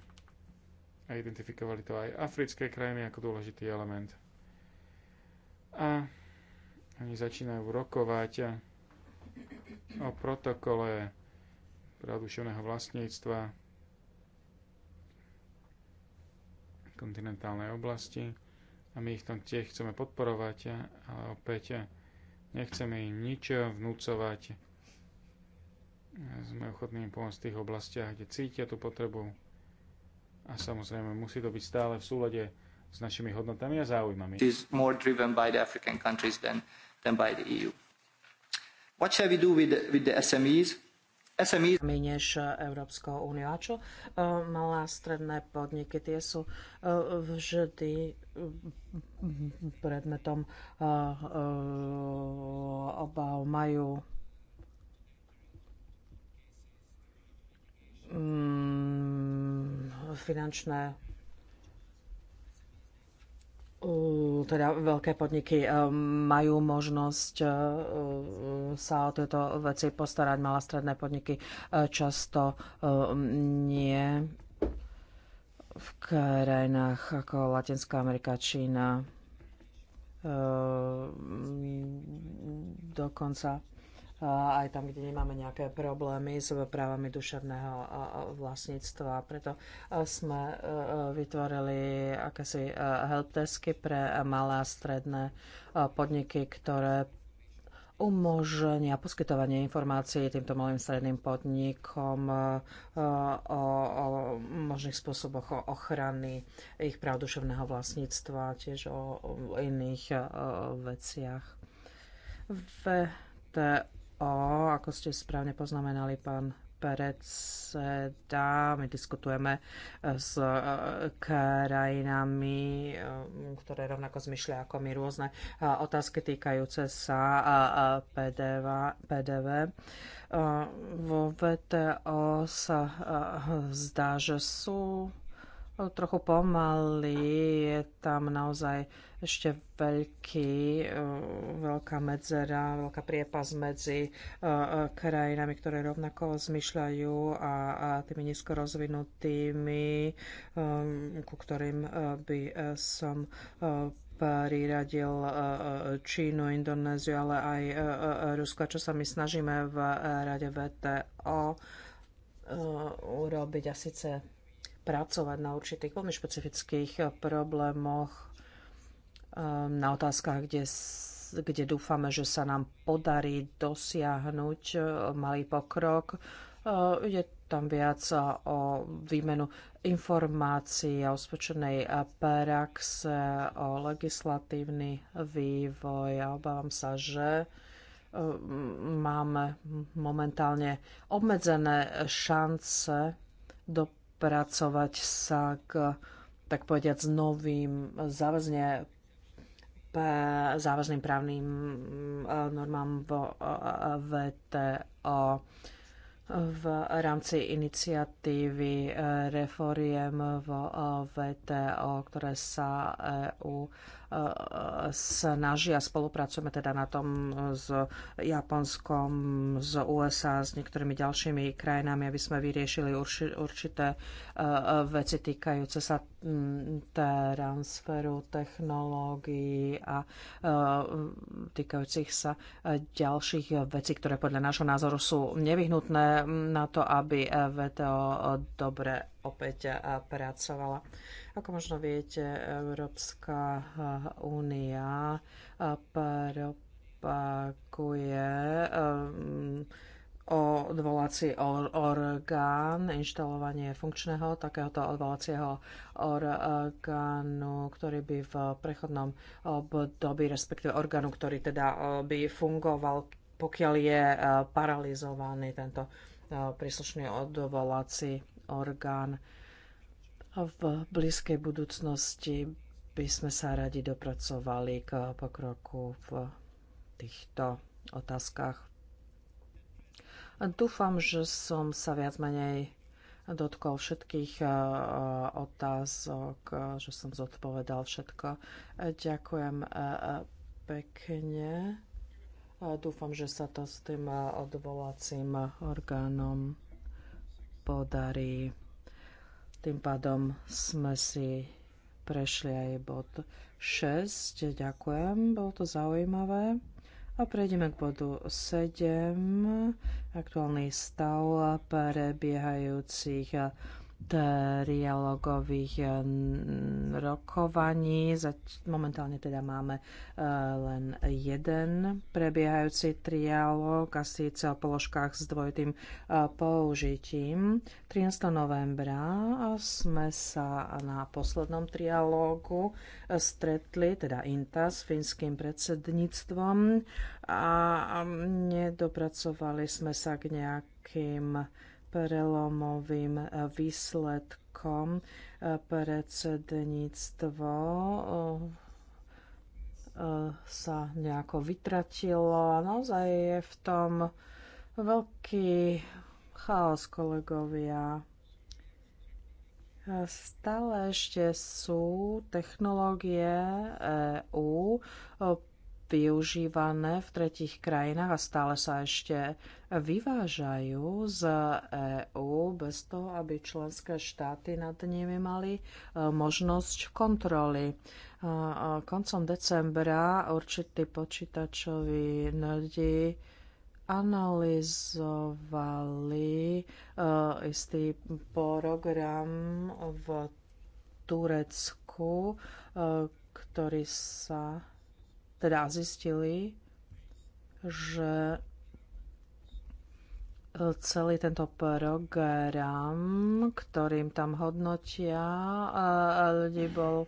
[SPEAKER 3] a identifikovali to aj africké krajiny ako dôležitý element. A oni začínajú rokovať o protokole duševného vlastníctva kontinentálnej oblasti a my ich tam tiež chceme podporovať, ale opäť Nechceme im nič vnúcovať. Sme ochotní im pomôcť v tých oblastiach, kde cítia tú potrebu. A samozrejme, musí to byť stále v súlade s našimi hodnotami a záujmami. is
[SPEAKER 2] more driven by the African countries Than, than e What shall we do with, the with the SMEs?
[SPEAKER 1] SMI než e, Európskou úniu. A čo e, malé stredné podniky, tie sú e, vždy predmetom obav, majú mm, finančné teda veľké podniky e, majú možnosť e, e, sa o tieto veci postarať, malé stredné podniky často nie v krajinách ako Latinská Amerika, Čína, dokonca aj tam, kde nemáme nejaké problémy s právami duševného vlastníctva. Preto sme e, e, vytvorili akési e, helpdesky pre malé a stredné podniky, ktoré umožnia poskytovanie informácií týmto malým stredným podnikom o, o možných spôsoboch ochrany ich práv duševného vlastníctva, tiež o iných veciach. VTO o, ako ste správne poznamenali, pán predseda. My diskutujeme e, s e, krajinami, e, ktoré rovnako zmyšľa ako my rôzne otázky týkajúce sa PDV. PDV. Vo VTO sa zdá, že sú trochu pomaly. Je tam naozaj ešte veľký, eh, veľká medzera, veľká priepas medzi eh, eh, krajinami, ktoré rovnako zmyšľajú a, tými nízko rozvinutými, ku ktorým by som priradil Čínu, Indonéziu, ale aj Rusko, čo sa my snažíme v rade VTO urobiť a síce pracovať na určitých veľmi špecifických problémoch Ehm, na otázkach, kde, kde dúfame, že sa nám podarí dosiahnuť eh, malý pokrok. Eh, je tam viac eh, o výmenu informácií o spočenej praxe, o legislatívny vývoj Ja obávam sa, že ehm, máme momentálne obmedzené šance dopracovať sa k tak povediať s novým, záväzne závazným právnym mm, e, normám v e, e, VTO v rámci iniciatívy reforiem v VTO, ktoré sa EU snaží, a Spolupracujeme teda na tom s Japonskom, z USA, s niektorými ďalšími krajinami, aby sme vyriešili určité Eh, veci týkajúce sa mm, transferu technológií a eh, týkajúcich sa eh, ďalších vecí, ktoré podľa nášho názoru sú nevyhnutné na to, aby VTO dobre opäť pracovala. Ako možno viete, Európska únia propaguje odvolací or, orgán, inštalovanie funkčného takéhoto odvolacieho orgánu, ktorý by v prechodnom období, respektíve orgánu, ktorý teda eh, by fungoval, pokiaľ je eh, paralizovaný tento eh, príslušný odvolací orgán. V blízkej budúcnosti by sme sa radi dopracovali k pokroku v týchto otázkach Dúfam, že som sa viac menej dotkol všetkých e, e, otázok, e, že som zodpovedal všetko. Ďakujem pekne. Dúfam, že sa to s tým odvolacím orgánom podarí. Tým pádom sme si prešli aj bod 6. Ďakujem, bolo to zaujímavé. A prejdeme k bodu 7. Aktuálny stav prebiehajúcich trialogových eh, rokovaní. Momentálne teda máme eh, len jeden prebiehajúci trialog a síce o položkách s dvojitým eh, použitím. 13. novembra sme sa na poslednom trialogu stretli, teda INTA s finským predsedníctvom a nedopracovali sme sa k nejakým prelomovým eh, výsledkom eh, predsedníctvo eh, sa nejako vytratilo a naozaj je v tom veľký chaos, kolegovia. Stále ešte sú technológie EU e využívané v tretich krajinách a stále sa ešte vyvážajú z EÚ bez toho, aby členské štáty nad nimi mali e, možnosť kontroly. E, e, koncom decembra určitý počítačový nerdi analyzovali istý program v Turecku, ktorý sa teda zistili, že e, celý tento program, ktorým tam hodnotia e, e, ľudí bol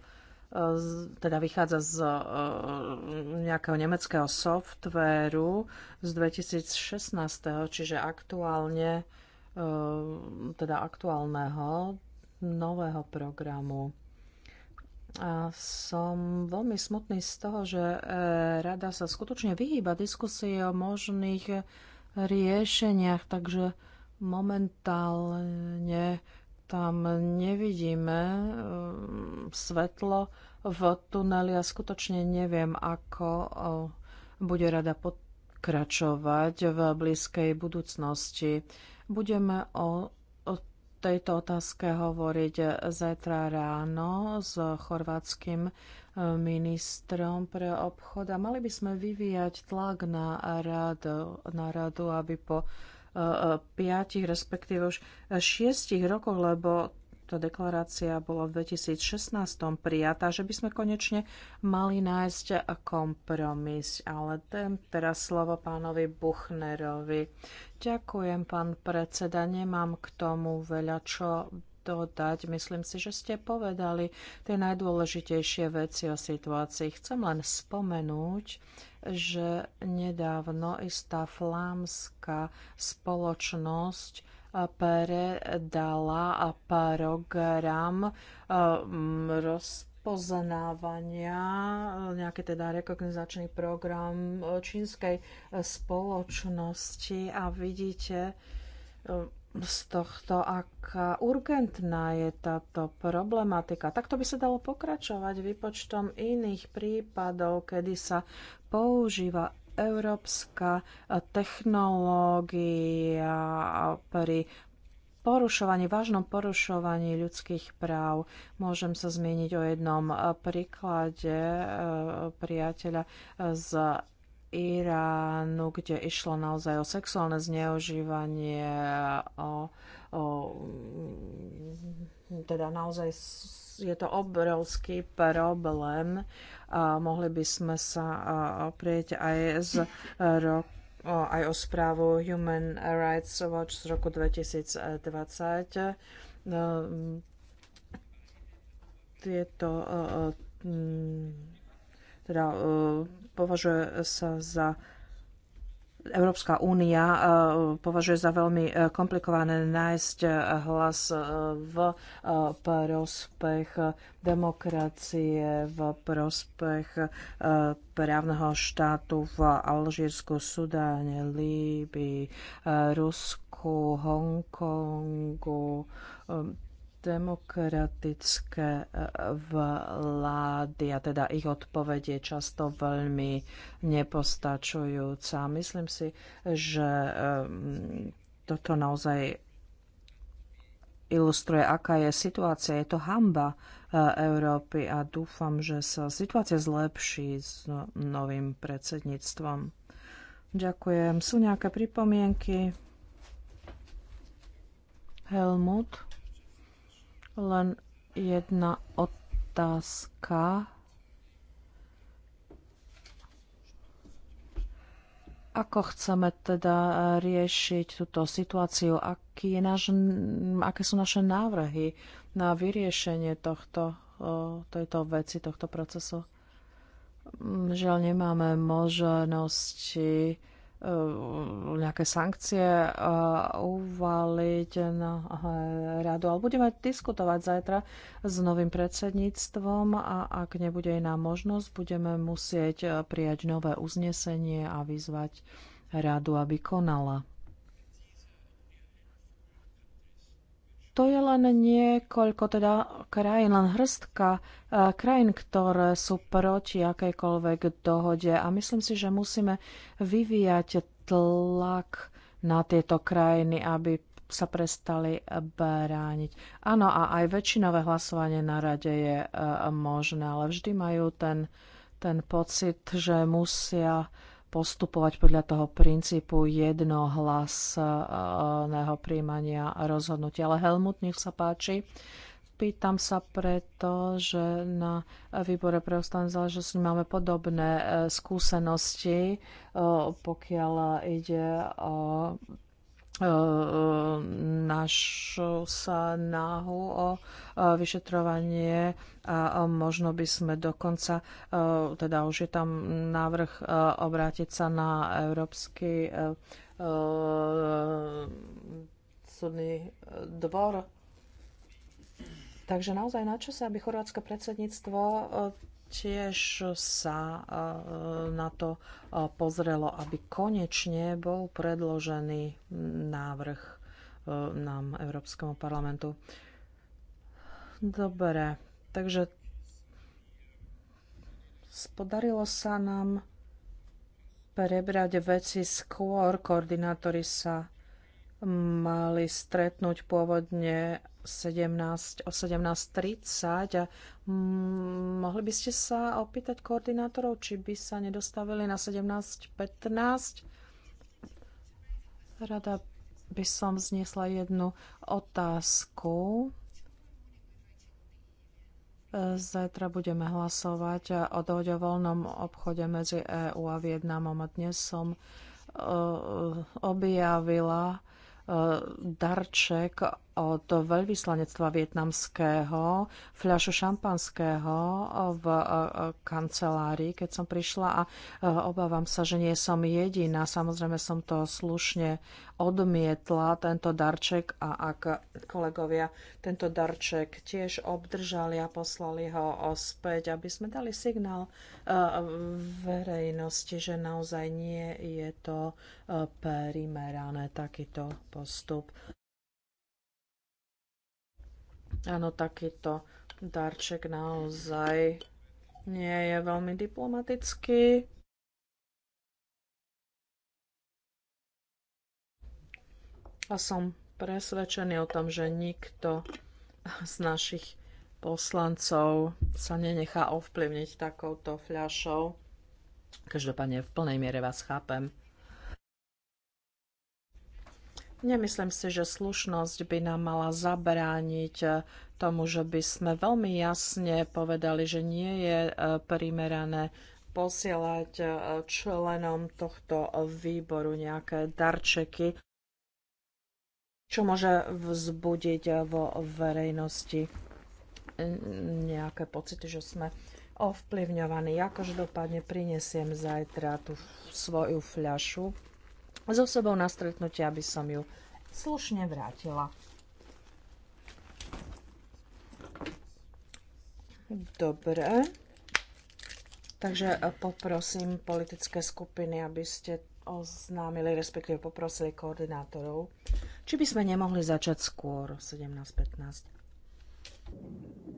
[SPEAKER 1] teda vychádza z nejakého nemeckého softvéru z 2016, čiže aktuálne teda aktuálneho nového programu som veľmi smutný z toho, že e, rada sa skutočne vyhýba diskusie o možných e, riešeniach, takže momentálne tam nevidíme e, svetlo v tuneli a skutočne neviem, ako bude rada pokračovať v blízkej budúcnosti. Budeme o tejto otázke hovoriť zajtra ráno s chorvátským e, ministrom pre obchod a mali by sme vyvíjať tlak na radu, na radu aby po e, e, piatich, respektíve už šiestich rokoch, lebo tá deklarácia bola v 2016 prijatá, že by sme konečne mali nájsť kompromis. Ale ten teraz slovo pánovi Buchnerovi. Ďakujem, pán predseda. Nemám k tomu veľa čo dodať. Myslím si, že ste povedali tie najdôležitejšie veci o situácii. Chcem len spomenúť, že nedávno istá flámska spoločnosť predala program eh, rozpoznávania, eh, nejaký teda rekognizačný program eh, čínskej spoločnosti a vidíte, z tohto, aká urgentná je táto problematika. Takto by sa dalo pokračovať výpočtom iných prípadov, kedy sa používa európska technológia pri porušovaní, vážnom porušovaní ľudských práv. Môžem sa zmieniť o jednom príklade e, priateľa z Iránu, kde išlo naozaj o sexuálne zneužívanie, o, o, teda naozaj je to obrovský problém Mohli by sme sa oprieť aj z e, rok aj o správu Human Rights Watch z roku 2020 e, tieto e, teda považuje sa za Európska únia e, považuje za veľmi e, komplikované nájsť e, hlas v prospech demokracie, v prospech právneho štátu v Alžírsku, Sudáne, Líbii, Rusku, Hongkongu, demokratické e, vlády a teda ich odpoveď je často veľmi nepostačujúca. Myslím si, že e, toto naozaj ilustruje, aká je situácia. Je to hamba e, Európy a dúfam, že sa situácia zlepší s novým predsedníctvom. Ďakujem. Sú nejaké pripomienky? Helmut? Len jedna otázka. Ako chceme teda riešiť túto situáciu? Aký je naš, aké sú naše návrhy na vyriešenie tohto, tejto veci, tohto procesu? Žiaľ, nemáme možnosti E, nejaké sankcie e, uvaliť na e, radu. Ale budeme diskutovať zajtra s novým predsedníctvom a ak nebude iná možnosť, budeme musieť prijať nové uznesenie a vyzvať radu, aby konala. to je len niekoľko teda krajín, len hrstka e, krajín, ktoré sú proti akejkoľvek dohode a myslím si, že musíme vyvíjať tlak na tieto krajiny, aby sa prestali brániť. Áno, a aj väčšinové hlasovanie na rade je e, možné, ale vždy majú ten, ten pocit, že musia postupovať podľa toho princípu jednohlasného príjmania rozhodnutia. Ale Helmut, nech sa páči. Pýtam sa preto, že na výbore pre ústavné záležitosti máme podobné e, skúsenosti, pokiaľ ide o našu snahu o vyšetrovanie a možno by sme dokonca, teda už je tam návrh obrátiť sa na Európsky súdny dvor. Takže naozaj na čo sa, aby chorvátske predsedníctvo tiež sa e, na to e, pozrelo, aby konečne bol predložený návrh e, nám Európskemu parlamentu. Dobre, takže podarilo sa nám prebrať veci skôr. Koordinátori sa mali stretnúť pôvodne 17, o 17.30 a Mm, mohli by ste sa opýtať koordinátorov, či by sa nedostavili na 17.15? Rada by som zniesla jednu otázku. Zajtra budeme hlasovať o dohode o voľnom obchode medzi EÚ a Vietnamom. A dnes som e, objavila e, darček od veľvyslanectva vietnamského fľašu šampanského v e, e, kancelárii, keď som prišla a e, obávam sa, že nie som jediná. Samozrejme som to slušne odmietla, tento darček a ak kolegovia tento darček tiež obdržali a poslali ho späť, aby sme dali signál verejnosti, že naozaj nie je to primerané takýto postup. Áno, takýto darček naozaj nie je veľmi diplomatický. A som presvedčený o tom, že nikto z našich poslancov sa nenechá ovplyvniť takouto fľašou. Každopádne v plnej miere vás chápem. Nemyslím si, že slušnosť by nám mala zabrániť eh, tomu, že by sme veľmi jasne povedali, že nie je eh, primerané posielať eh, členom tohto výboru nejaké darčeky, čo môže vzbudiť vo verejnosti nejaké pocity, že sme ovplyvňovaní. Ja akože každopádne prinesiem zajtra tú svoju fľašu so sebou na stretnutie, aby som ju slušne vrátila. Dobre. Takže e, poprosím politické skupiny, aby ste oznámili, respektíve poprosili koordinátorov, či by sme nemohli začať skôr, 17.15.